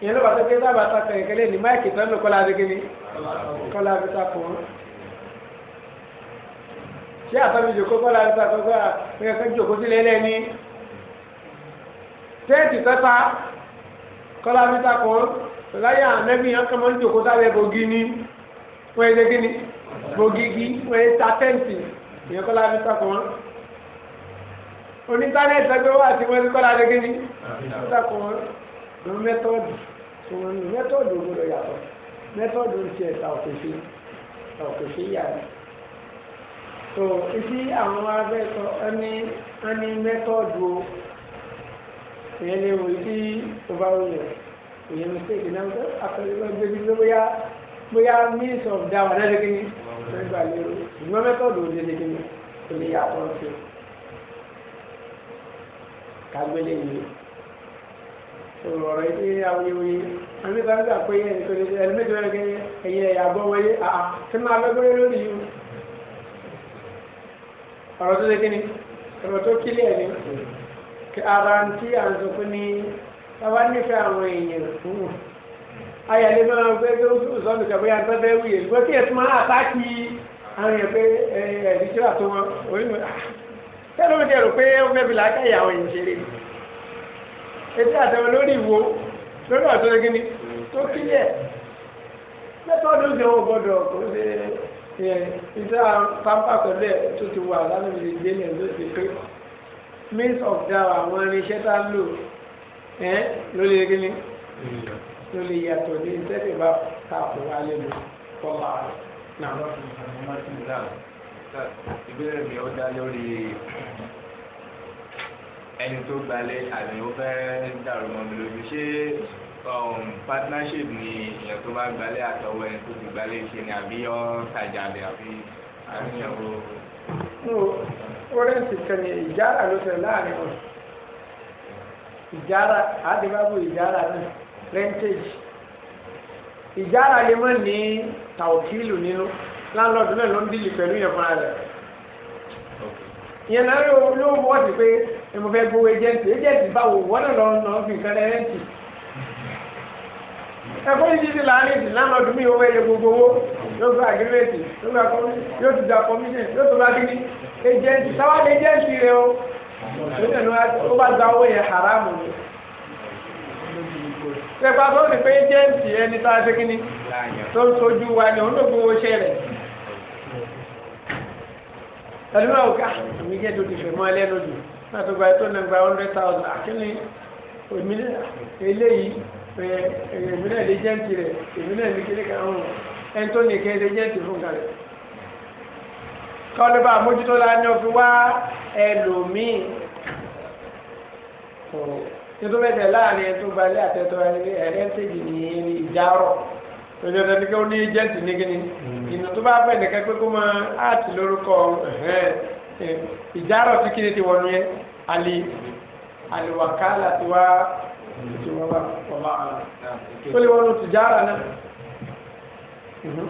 ìyẹn ló bá tó ké sábà ta kẹ̀kẹ́lẹ́ ní máìkì tó ń lò kọ́lá adékèmí kọ́lá abita kùn ṣé àtọ́bi jòkó kọ́lá abita kọ́ kọ́lá kẹ́kẹ́ jòkó sílẹ̀ lẹ́ni tẹ́ẹ̀tì tẹ́ta kọ́lá abita kùn láyà ànẹ́bí yẹn kọ́ mọ́ ń jòkó sábẹ́ bògì ni wọ́n yẹ ìyẹn kọ́lá fi sàkó wọn onítàlẹ́ ìtọ́jú wà tí wọ́n ti kọ́lá dé kíni ó sàkó wọn lọ mẹ́tọ́ọ̀dù tí wọ́n lò mẹ́tọ́ọ̀dù ogun lọ yàtọ̀ mẹ́tọ́ọ̀dù ti ẹ̀ ta òkèṣe ta òkèṣe yàrá tó etí àwọn abẹ́tọ̀ ẹni ẹni mẹ́tọ́ọ̀dù o ìyẹn ni wò etí ọba oyè ìyẹn mi sèkì náà akọ̀lẹ́ lọ́gbẹ́bí ló bóyá bóyá means of down ẹ̀ lẹ́dẹ̀kẹ́ni tó gbà lérò ṣùgbọ́n mẹ́tọ́ọ̀dù ò dédé kí ni kò lè yàtọ̀ sí kágbélé yìí sọ̀rọ̀ ọ̀rọ̀ yìí ní awuyewuye àmì ìgbà nígbà pé ẹni tó lè ẹni méjì wẹ́rẹ́ gẹ́gẹ́ ẹ̀yẹ ẹ̀yà gbọ́ wọlé àà kí máa fẹ́ gbọ́lé lórí yìí ọ̀rọ̀ tó lè kí ni ọ̀rọ̀ tó kílẹ̀ ni ara ń tí à ń sọ fún ni bàbá nífẹ̀ẹ́ àwọn èèyàn fún wọn ayẹlẹ náà fẹ fẹ ojú sọmi kẹfẹ yà fẹ fẹ wuyè ṣùgbọ́n kí ẹ tún máa àtàkì àwọn yẹn pé ẹ ẹ ìdíṣẹ́ àtọ́ wọn òun ni sẹ́nu mi dẹ̀rù ah. pé ó fẹ́ẹ́ fi làákà ìyá àwọn yẹn ṣeré etí àtẹwọn lórí ìwo lórí ọ̀tọ́ lé kíni tó kílẹ̀ mẹ́tọ́ọ̀dù ṣe wọn gbọ́dọ̀ kó ṣe ẹ ìdá pápá pẹ̀lú ẹ̀ tó ti wà lánàá mi gbé yẹn ló ti pé means of down àwọn irinṣẹ́ tá a lò ẹ lórí kíni ló lè yàtọ̀ dé sẹ́fẹ̀ bá ta kò wá lẹ́nu fọlá rẹ̀ náà. ìbéèrè mi ó dá lórí ẹni tó gbalẹ̀ àmì ó fẹ́ dàrú mọ́ mi lójú ṣé um, partnership ni èèyàn tó bá gbalẹ̀ àtọwọ́ ẹni tó ti gbalẹ̀ ṣe ni àbí ọ́ tajà ni àbí àníyàwó. orange kan ni ìjára ló fẹ́ láàrin wọn ìjára àdébábò ìjára náà rentage ìjára lè mọ́ ní tàwọ̀kìlù nínú láńlọ́ọ̀dù náà ló ń dìlì pẹ̀lú yẹn fúnra rẹ̀ ìyẹn náà ló ń wọ́ọ̀sì pé èmi fẹ́ gbowó ejẹ́ǹtì ejẹ́ǹtì báwo wọ́n náà lọ lọ fi nǹkan rẹ̀ rẹ́ǹtì ẹ̀kọ́ yìí ti láàrin ìdí láńlọ́ọ̀dù mi ò wẹ́yẹ gbogbo owó yóò gba àgírẹ́tì yóò ti gba commission yóò tó bá kíní ejẹ́ǹtì táwọn ejẹ́ǹtì rẹ o ó bá gba owó yẹn haramu ni sẹpá tó ti pé jẹ́ǹtì ẹni tá a ṣe kí ni tó ń sojú wa ni òun ló gbowó ṣe rẹ̀ ẹlòmíràn ọ̀gá mi jẹ́ tó ti fẹ̀ mọ́ ẹlẹ́nu jù náà tó gba ètò náà gba hundred thousand àkínní èmi náà eléyìí èmi náà lè jẹ́ǹtì rẹ̀ èmi náà lè kéde kan ọ̀hún ẹni tó ní kéde jẹ́ǹtì fún kalẹ̀ kọ́ni bá mójútó la ní o fi wá ẹlòmíì títún bẹ́ẹ̀ tẹ̀ láàrin ẹ̀tún balẹ̀ àtẹ̀tọ̀ ẹ̀rẹ́ntẹ́jì ní ìjárọ̀ tọ́jú ni ní kí ó ní jẹ́ǹtì ní kíni hmm. ni tó bá bẹ̀ nìkan pé kó máa áàtì lórúkọ ìjárọ̀ tí kíni ti wọnú yẹn àlè àlèwàkálà ti wá ti wá wá ọba àná tó lè wọnú tìjára náà. Hmm.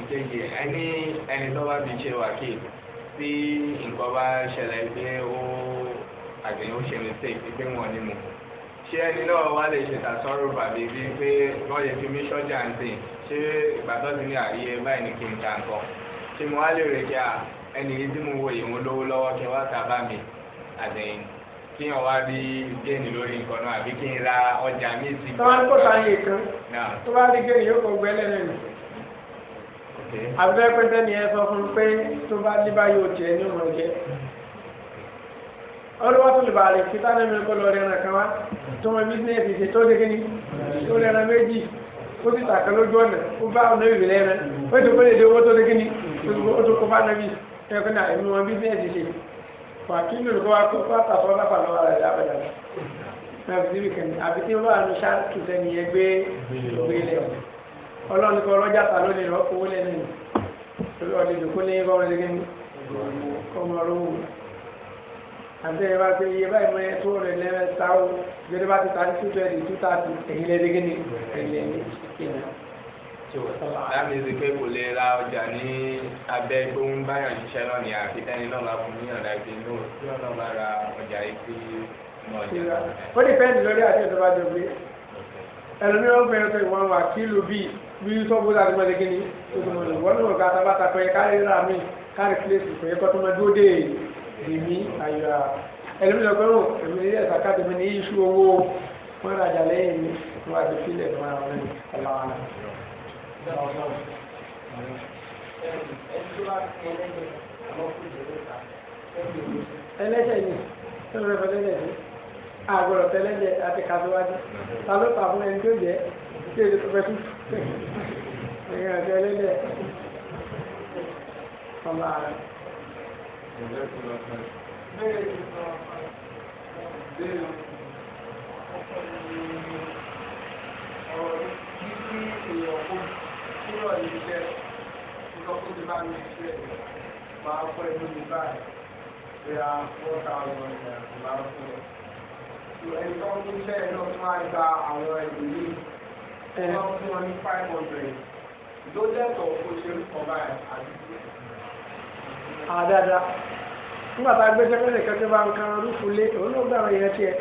ìkejì ẹni ẹni tó bá fi ṣe wákìlì tí nǹkan bá ṣẹlẹ̀ pé ó àgbẹ̀yìn ó ṣe mistake pé wọ́n ní mu ṣé ẹni náà wá lè ṣe tàṣọ́rọ̀ bàbí bíi pé wọ́n lè fi mí ṣọ́jà ń sìn ṣé ìgbàdàn ti ní àríyé báyìí ní kí n ta nǹkan ṣé mo wá lè rè kí a ẹni yìí tí mo wo ìwọ̀n lówó lọ́wọ́ kí wọ́n ta bá mi àgbẹ̀yìn kí wọ́n wá rí géènì lórí nǹkan náà àbí kí n ra ọjà mi sí. tó bá ń kó ta iye kan tó bá rí géènì yóò kọ gbẹ́lẹ́ ọlọ́wọ́ tó lè bàálẹ̀ kí tá lẹ́mìí kọ́ kama rẹ̀ ràn kan wá tó mọ bísíǹnẹ̀sì ṣe tó dégé ní tó rẹ̀ ràn méjì ó ti tàkà lójú ọ̀nà ó bá ọ̀nà ìwé lẹ́rẹ̀ ó ti kó lè dé owó tó dégé ní ó tó kó bá nàbí ẹ̀kọ́ náà ẹ̀mí wọn bísíǹnẹ̀sì ṣe wà kí lóòrùn kó wá kó wá tà fọ́ lápá lọ́wọ́ rẹ̀ lábàdà àbí tí wọ́n àánú ṣáàtù sẹ́ni yẹn gbé gbélé ọlọ́run kọ́ ọlọ́jà ta lónìí rọ́pò wọlé náà lórí ọ̀dẹ̀dẹ̀ kó ní bọ́ọ̀lù àti ẹ bá ti iye báyìí mọ ẹ tó rẹ lẹ́rẹ́ ta o gbẹdẹ bá ti ta ní two thirty two thirty ẹ̀yin lè dégé ni ẹ̀yin lè ní ìyẹn. láti ṣe pé kò lè ra ọjà ní abẹ́ pé ń báyàn ṣiṣẹ́ náà ní àfitẹ́ni náà bá fún yíyan dájú ní òṣìṣẹ́ náà bá ra ọjà ìpín ní ọjà náà. ó dì pẹ́ẹ́nì lórí àti ìjọba jọ pé ẹlòmíràn gbẹ̀rẹ̀ pé ìwọ̀n wà kílù bíi bí sọ́kùn láti mọ̀ lẹ́gẹ́ni ó ti mọ̀ lọ́wọ́ níwọ̀n ká èmi àyà ẹlẹ́mìnira gbọ́dọ̀ èmi ilé ẹ̀ka káàdì mi ní iṣu owó wọn rajà lẹ́yìn mi wọn àti fílẹ̀ fún ara wọn ọlọ́wọ́n. ẹlẹ́jẹ̀ ni ẹlẹ́jẹ̀ fẹ́lẹ́jẹ̀ ni àgọ̀rọ̀ tẹ́lẹ́jẹ̀ àti kàdúwájú ta ló pa fún ẹni tó jẹ́ tí èdè tó fẹ́ fún ẹ̀yìn àti ẹlẹ́jẹ̀ ọlọ́wọ́n máa fọ́ ẹ̀mí mi báyìí pé a four wọ́n ní five hundred ló dẹ́tọ̀ kó ṣe ń kọ́ báyìí àdúgbò àdáda ah, nígbà tá a gbé sẹ́kẹ́ nìkan tó bá ń kan rúfu lé òun ló gbà àwọn èèyàn tiẹ̀.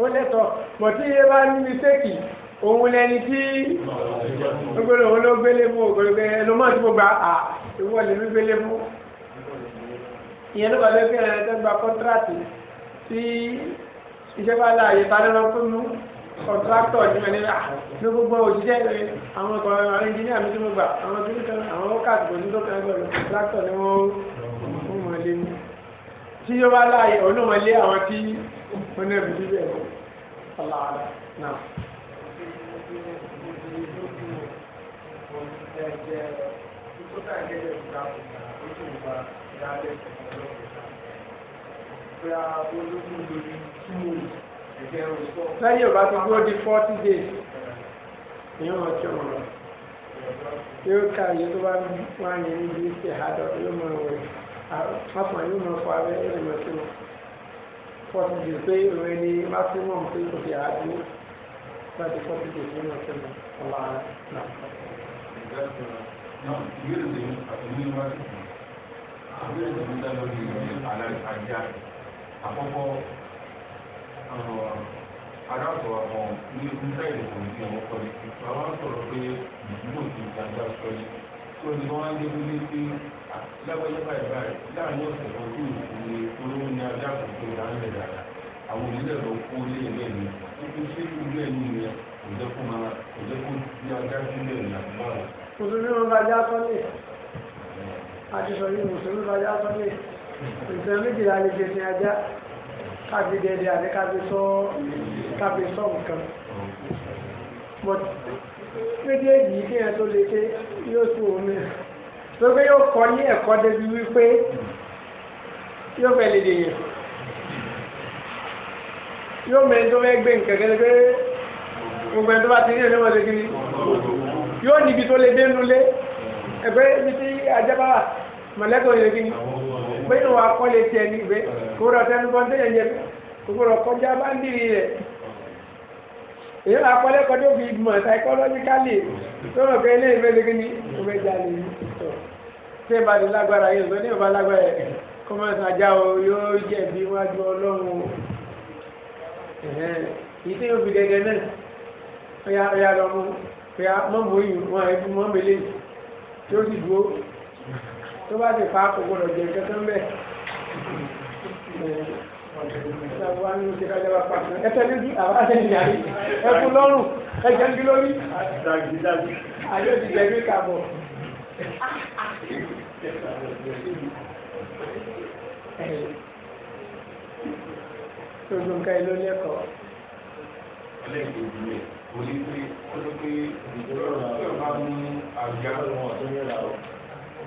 ó lẹ́tọ̀ pọ̀ tí iye bá ní mísẹ́kì òun lẹni tí gbogbo òun ló gbélé fún ògbólógbé ẹlòmọ́ tí mo gba à ìwọ lè mí gbélé fún. ìyẹn ló bá lọ́ọ́ fi ẹ̀rọ ẹ̀rọ kọ́ńtíráàtì tí iṣẹ́ bá láàyè tá a lọ́ọ́ fún mi kọ̀ǹtráktọ̀ ní ẹni ah, rà ní gbogbo òṣìṣẹ́ rẹ̀ àwọn ọkọ̀ ẹnjìníà mi tí mo gbà àwọn tí wọ́n àwọn wákàtí kò ní tó kàn gbọ́dọ̀ kọ̀ǹtráktọ̀ ni wọ́n wọ́n mọ̀ lé ní. tí yóò bá láàyè ọ̀nà wọn lé àwọn tí wọ́n náà bìí bẹ́ẹ̀ ọ̀làwàlà náà. Bóyá olókùn lórí kí lẹ́yìn ọba tó dúró di forty days ni wọ́n ti mọ̀ ọ́ yóò ká iye tó bá wà ní ibi ṣe àádọ́ yóò mọ̀ ọ́ afọ̀ yóò mọ̀ fọ abẹ́ yóò mọ̀ sí wọn forty days pé òun ẹni maximum pé kò fi àádọ́ láti forty days yóò mọ̀ sí wọn ọ̀la náà. Now, here is the university. Here is the Àkọ́kọ́ adáàbò àwọn ní ìpínlẹ̀ èdè ní ọmọ kọ́lé àwọn sọ̀rọ̀ pé ìdúró ti gbàgbà sọ yìí tó ní wọ́n á dé nílé sí lágbàáyé báyìí báyìí láàrin ọ̀sẹ̀ kan tó ìpínlẹ̀ olówó ní adáàbò tó rà ń lẹ̀ dáadáa àwọn onílẹ̀ lọ kó lé ilé mi tó kó sí ilé mi yẹn kò jẹ́ kó máa kò jẹ́ kó di ajá sí ilé mi àti káfí dédé àbí káfí sọ káfí sọ nǹkan but méjèèjì kí yẹn tó lè ké yóò tún òun náà tó pé yóò kọ́ ní ẹ̀kọ́ débi wípé yóò fẹ́ lè dèyàn yóò mẹ́rin tó fẹ́ gbé nǹkan kẹ́lẹ́ pé gbogbo ẹni tó bá ti rí ẹni wọ́n ṣe kiri yóò níbi tó lè dénú lé ẹgbẹ́ ibi tí ajá bá wà mọ̀lẹ́kọ̀ọ́ kiri bẹ́ẹ̀ wà kọ́lé tiẹ̀ ní ìgbé kó rà sẹ́nu kan tẹ́lẹ̀ ní ẹgbẹ́ gbogbo rẹ̀ kọjá bá ń dìrì rẹ̀ èyí wà kọ́lé kọjá fi mọ̀ psychologically tó rọ̀ pé ilé ìfẹ́ lókè ní ìfẹ́ jalè ní ṣé ìbàdí lágbára yìí sọ ní ìbá lágbára yẹ kọ́mọ̀sì ajá o yóò jẹ̀bi wájú ọlọ́run o ìdí òbí dẹdẹ náà ọ̀yà ọ̀yà lọ́mú ọ̀yà mọ́mú yìí wọ́n ẹ̀ tó bá ti fa kò gbọdọ̀ jẹ kẹsàn bẹ́ẹ̀ ṣàbùwá nínú ti ká jábá pa ẹsẹ níbi àwọn àtẹnìyà rí ẹkú lọ́rùn ẹjẹ níbi lórí àyè ti jẹbi kàbọ. gbogbo nǹkan ìlú ní ẹ̀kọ́. ẹlẹ́gbẹ̀ẹ́ òní pé ó ní pé ìjọba máa mú àgbà wọn tó yẹra o.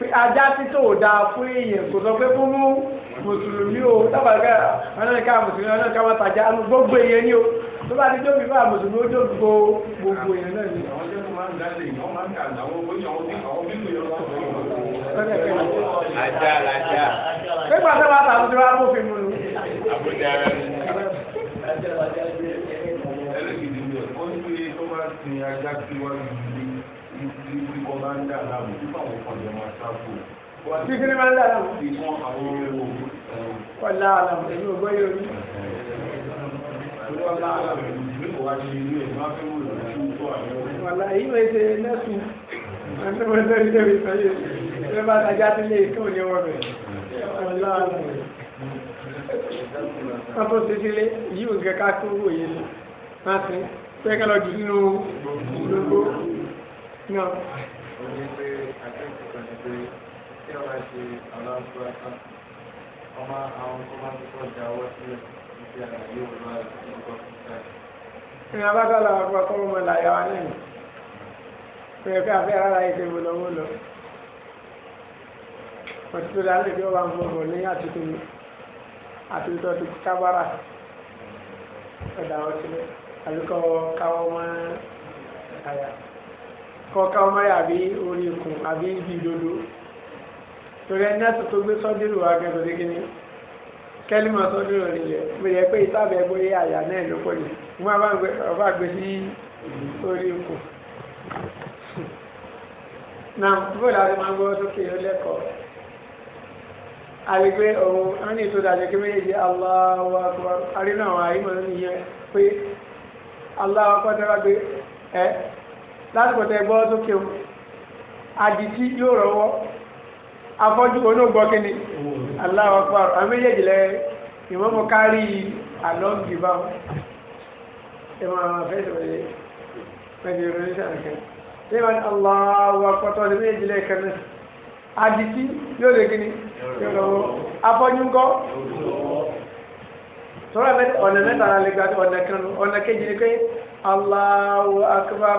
ajá títò ò dáa fún èèyàn kò sọ pé fún mú mùsùlùmí o dábàá ká ọlọ́nìká mùsùlùmí ọlọ́nìká wọn tàjà gbogbo èèyàn ni o tó bá ti jó mi fún àmùsùlùmí ó jó gbogbo gbogbo èèyàn náà ni. àwọn tó máa ń dalè wọ́n ajá ajá. pípa tó bá tà lóṣù wa mu àbújá rẹ ni. ẹlẹ́gìdì ni ó ń gbé tó máa ń sin ajá sí wájú títí tí wọ́n bá ń dà láàmú tí àwọn kan lè máa sáfò. tí kí ni máa ń dà láàmú. tí wọ́n àwọn ewu. wọ́n lá àlàmù èyí ò gbọ́ yóò ní. wọ́n lá àlàmù èyí kò wá sí ilé ẹ̀ máa fẹ́ wò lórí tí wọ́n tó àyẹ̀wò. wọ́n lá èyí wọ́n ṣe nẹ́sùn. ẹni wọ́n tẹ́lẹ̀ tẹ́lẹ̀ tẹ́lẹ̀ tẹ́lẹ̀ bá tajà sílé ìtọ́ ní wọ́n bẹ̀. wọ́n lá àlàmù kátó sísílé yìí ò gẹ ká tó wòye lọ. má ti pẹ́ kẹ́ lọ jù sínú gbogbo náà. ó ní pé àjọyọ̀ kan ní pé tí wọ́n bá ṣe àwọn afurá kan ọmọ àwọn tó máa ń kọ́ da ọwọ́ sílẹ̀ níbi àlàyé òun máa ń kọ́ kíkà. ìrìn àbájá làwọn afurá tó mọ̀ láyà wá lẹ́yìn. pé fẹ́ afẹ́ ara ẹ̀ṣẹ̀ wọlọ́wọ́lọ́. òtítọ́ dáadé bí wọ́n ń fọ́ bọ̀ àtúntò mi àtúntò ti kábàrà ọ̀dà ọ̀sílẹ̀ àbíkọ́ káwọ́ mọ́ àyà. kọ̀ọ̀ká ọmọ yà bí orí ikùn àbí ibi ìdodo torí ẹni náà tó gbé sọ́dúrù wa gẹ́gẹ́ bí kíní kẹ́límọ̀ sọ́dúrù nílẹ̀ mo yẹ pé ìtàbẹ̀ bóyá àyà náà ló pọ̀ ní mo máa bá gbé sí orí ikùn. náà bó láti máa gbọ́ sókè lẹ́kọ̀ọ́ àgbègbè ọ̀hún wọ́n ní ìtòdà àjẹkẹ́ méjèèjì Allahu Akbar àrínà àwọn àyímọ̀ nìyẹn lásìkò tẹ gbọ́ sókè o àdìtí yóò rọwọ́ afọ́jú onígbọ́ kí ni Allahu Akbar àwọn méjèèjì lẹ ìmọ̀mọ́ kárí àlọ́ǹgì bá wọn ẹ máa fẹ́ sọ̀rọ̀ pẹ̀lú ìròyìn sàǹkẹ́ ṣé wọn Allahu Akbar tó ọdún méjèèjì lẹ kan náà àdìtí yóò lè kí ni yóò rọwọ́ afọ́jú ńkọ́ sọ́rọ́ ọ̀nà mẹ́ta la lè gba ọ̀nà kan ọ̀nà kejì ni pé Allahu Akbar.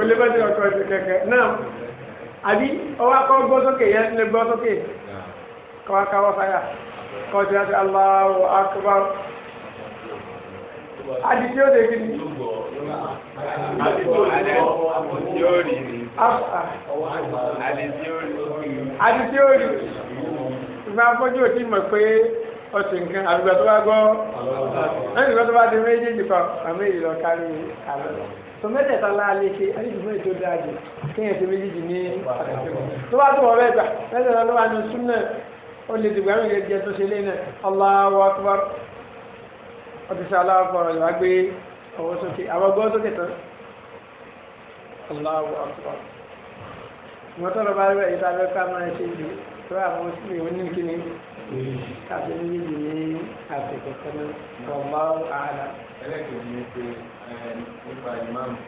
olùbẹ́sẹ̀ ọ̀tọ̀ ẹ̀sẹ̀ kẹ̀kẹ́ náà àbí ọwọ́ akọ́ gbọ́ sókè yẹn lè gbọ́ sókè kọ́wákáwọ́ sáyà kọ́ọ̀tì láti Allahu akbar adi tí ó lè fi ni. adi tí ó lè rí ni. adi tí ó rí. ìgbà afọ́jú ò tí mọ̀ pé ọ̀sìn nǹkan àgbà tó bá gbọ́ ẹ̀sìn tó bá di méjèèjì kan àmì ìlọ kárí àlọ́ tó mẹ́tẹ̀ẹ̀ta láàlẹ́ ṣe àdìsúnmọ́ ètò dáadé kéèyàn ṣe méjì ní tó bá tó wọ́n bẹ́ẹ̀ gbà mẹ́tẹ̀ẹ̀ta ló wà ní súnà ó lè dìgbà mí lè jẹ tó ṣe lé náà Allahu Akbar ọtí sá Allahu Akbar rẹ̀ ìta bẹ́ẹ̀ máa ṣe ìlú tó àwọn mùsùlùmí wọn ní kíni káfíńmí yìí ní àsìkò kan náà Allahu Akbar nípa ìmáàmù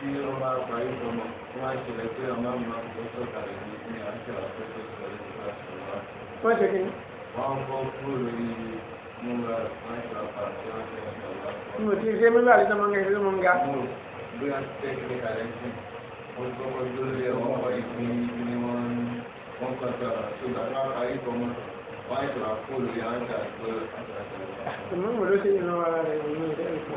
tí ó bá parí ìgbọmọ wọn á ṣẹlẹ̀ pé ọmọ mi máa ń kó sọ̀kalẹ̀ ní ní àti àwọn tó tó sọ lórí ìgbà tó wá. wọ́n ṣe kí ni. wọ́n ń kọ́ kúrò lórí múra láti ọ̀pá tí wọ́n ṣe ọ̀pá wá. mo ti ṣe múra àti sọmọ nǹkan ìṣẹ́lẹ̀ mọ́ ń ga. mo bí wọ́n ti tẹ́ ìpínlẹ̀ kalẹ̀ sí wọ́n tó kọ́ lórí ẹ̀wọ̀n kọ́ ìpín ní wọ́n wọ́n kọ́ sọ̀rọ̀ ṣùgbọ́n wọ́n á parí ìgbọmọ wọ́n á ṣọ̀rọ̀ kúrò lórí àwọn ìgbà tó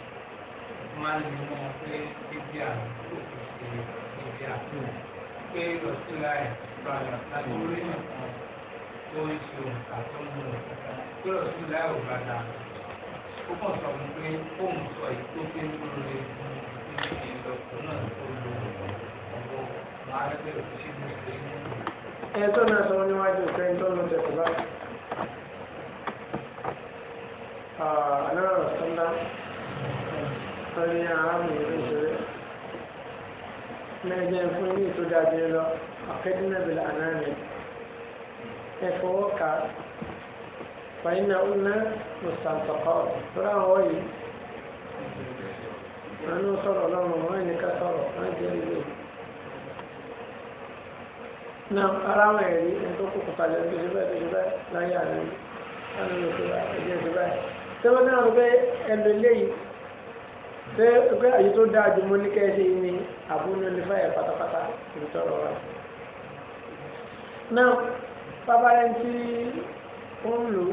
máa ń mọ pé ibi àtúntò ibi àtúntò pé lọ́sílá ẹ̀ padà láti orí nìkan tó ń ṣe òǹkà tó ń mú un pé lọ́sílá ẹ̀ ò bá dà ó kàn sọ fún pé òun sọ èyí tó gbé lórí ibi ìlọ́pọ̀ náà tó lo ọ̀pọ̀ máa ń bẹ̀rẹ̀ sí ní ìlú ìlú. ẹ tó náà sọ níwájú pé ń tó ń lọ tẹ̀sán báyìí. Uh, another standard sọ́rí àwọn àmì ìṣòro náà jẹ́ fún yìí tó dájú lọ ọ̀kẹ́dínà bìlà ànáàmì ẹ̀fọ́ ká fàyínà ọ̀nà mùsàǹtọ̀kọ́ lọ́rọ̀ àwọn yìí wọn ní sọ̀rọ̀ lọ́rùn wọn ní ká sọ̀rọ̀ wọn jẹ́ ilé náà ara wọn ẹ̀rí ẹni tó kókò kalẹ̀ ní oṣù bẹ́ẹ̀ oṣù bẹ́ẹ̀ láyé àná ní oṣù bẹ́ẹ̀ oṣù bẹ́ẹ̀ tẹ́wọ́n náà rẹ̀ ẹ̀lẹ́lẹ́yìí. ṣé pé àyè tó dáa jù mọ́ ní kẹ́sì ni àbúrò ní fàyà pátápátá ìtọ́rọ̀ wa. náà bàbá rẹ̀ tí ó ń lò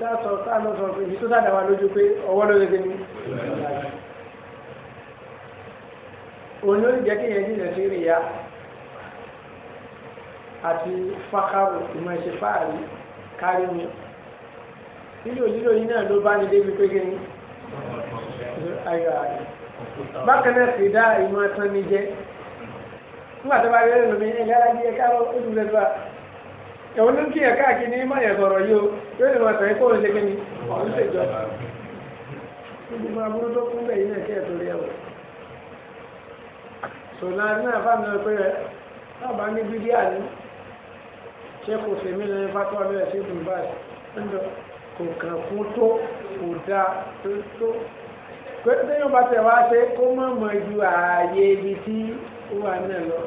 dáàtọ̀ sáàlọ́ sọ pé èyí tó sáàdà wa lójú pé ọwọ́ ló lè ní. òun ló ń jẹ́ kí yẹn jìnnà sí rìyà àti fákàrò ìmọ̀ ẹ̀ṣẹ̀ fáàrí kárí mi. lílo lílo yìí náà ló bá ní débi pé kí ni ayọ̀ ààrẹ bákan náà sì dá ìmọ̀ tán ní jẹ́ nígbà tó bá rí ẹlẹ́nu mi ẹ̀yà ara yíyẹ káàrọ̀ ó dùn lẹ́nu wa ẹ̀wọ̀n ló ń kí ẹ̀ka àkí ní má yẹ sọ̀rọ̀ yìí o yóò lè máa tẹ̀ kó ń ṣe kí ni ọ̀hún ṣe jọ gbogbo aburú tó kún bẹ́ẹ̀ yìí náà kí ẹ̀ torí ẹ̀wọ̀ sọ̀nà náà fáwọn ọ̀pẹ rẹ̀ sábà ní bídíà ní ṣẹ́kù fèmí lẹ́yìn fátọ́ abẹ́rẹ́ sí ìdùnnú báyìí kò kàn kún tó kò dáa tó pé téèyàn bá tẹ̀ wá ṣe kó mọ̀ mọ̀ ju ààyè ibi tí ó wà náà lọ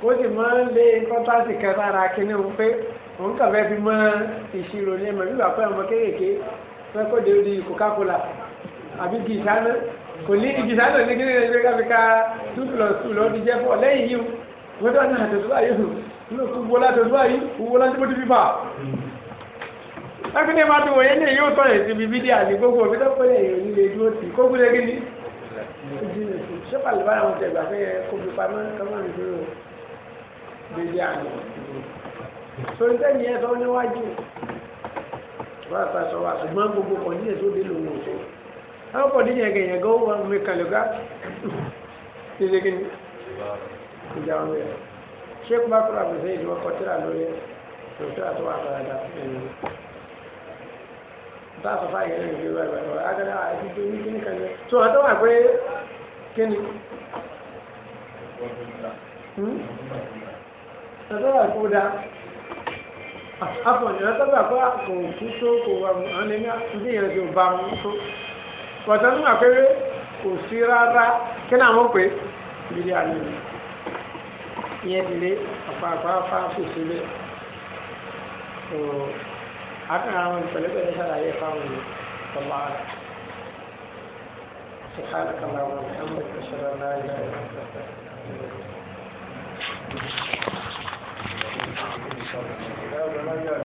kó sì máa ń lé kọ́tàsì kan lára kíní òun pé òun kàn fẹ́ fi mọ ìṣirò ní ẹ̀mọ̀ bíbà pé ọmọ kéékèèké fẹ́ kó de orí Coca-Cola àbí gìtánà kò ní gìtánà ní kíní ẹgbẹ́ káfíńkà two plus two lọ́ọ́ ti jẹ́ fọ́ lẹ́yìn yìí wọ́n tó náà tẹ̀síwáyé nínú gbogbo látọ̀síwáyé gbogbo látọ̀síwáyé lọ́kì ní ìmọ̀tò wòye ní èyí ò tọ̀ yẹn síbi bídí àti gbogbo òbí lọ́pọ̀ lè yẹn nílé dúró tì kó gúlẹ̀ kí ni. ṣé pàlẹ́ bá àwọn tẹ̀gbà fẹ́ yẹ kó fi pamọ́ kọ́mọ́ mi dúró bídí àná. sori sẹ́ni ẹ sọ níwájú wàá ta sọ wa ṣùgbọ́n gbogbo kọ̀díyẹ tó dé lòun òṣè àwọn kọ̀díyẹ kẹ̀yẹ gan wà mí kàlùkà ṣíṣe kí ni. ìjà wọn bẹ̀rẹ̀ ṣé kúbákúrò àbùsẹ̀ ìdíwọ́kọ̀ tíra lórí ẹ̀ tòṣù àtúwà àtàràdà ẹ̀yìn bá sọ fáyẹ lẹ́yìn ìlú rẹ̀ rẹ̀ agadá àti tó ní kíní kan yẹn tó ọ̀dọ́ wà pé kíni. ọ̀dọ́ wà kó da afọ̀nyẹ̀ ọ̀dọ́ wà kó kò kú tó kò wà mú àwọn ẹni ní ìyẹn tó bá mú tó ọ̀dọ́ tó wà pé kò sí rárá kí náà pé ìdílé àná ìyẹn ti lé àpá àpá àpá àpòsílẹ̀. عرفنا من فلبه هذا يقام والله سبحانك اللهم وبحمدك أشهد أن لا إله إلا أنت أستغفرك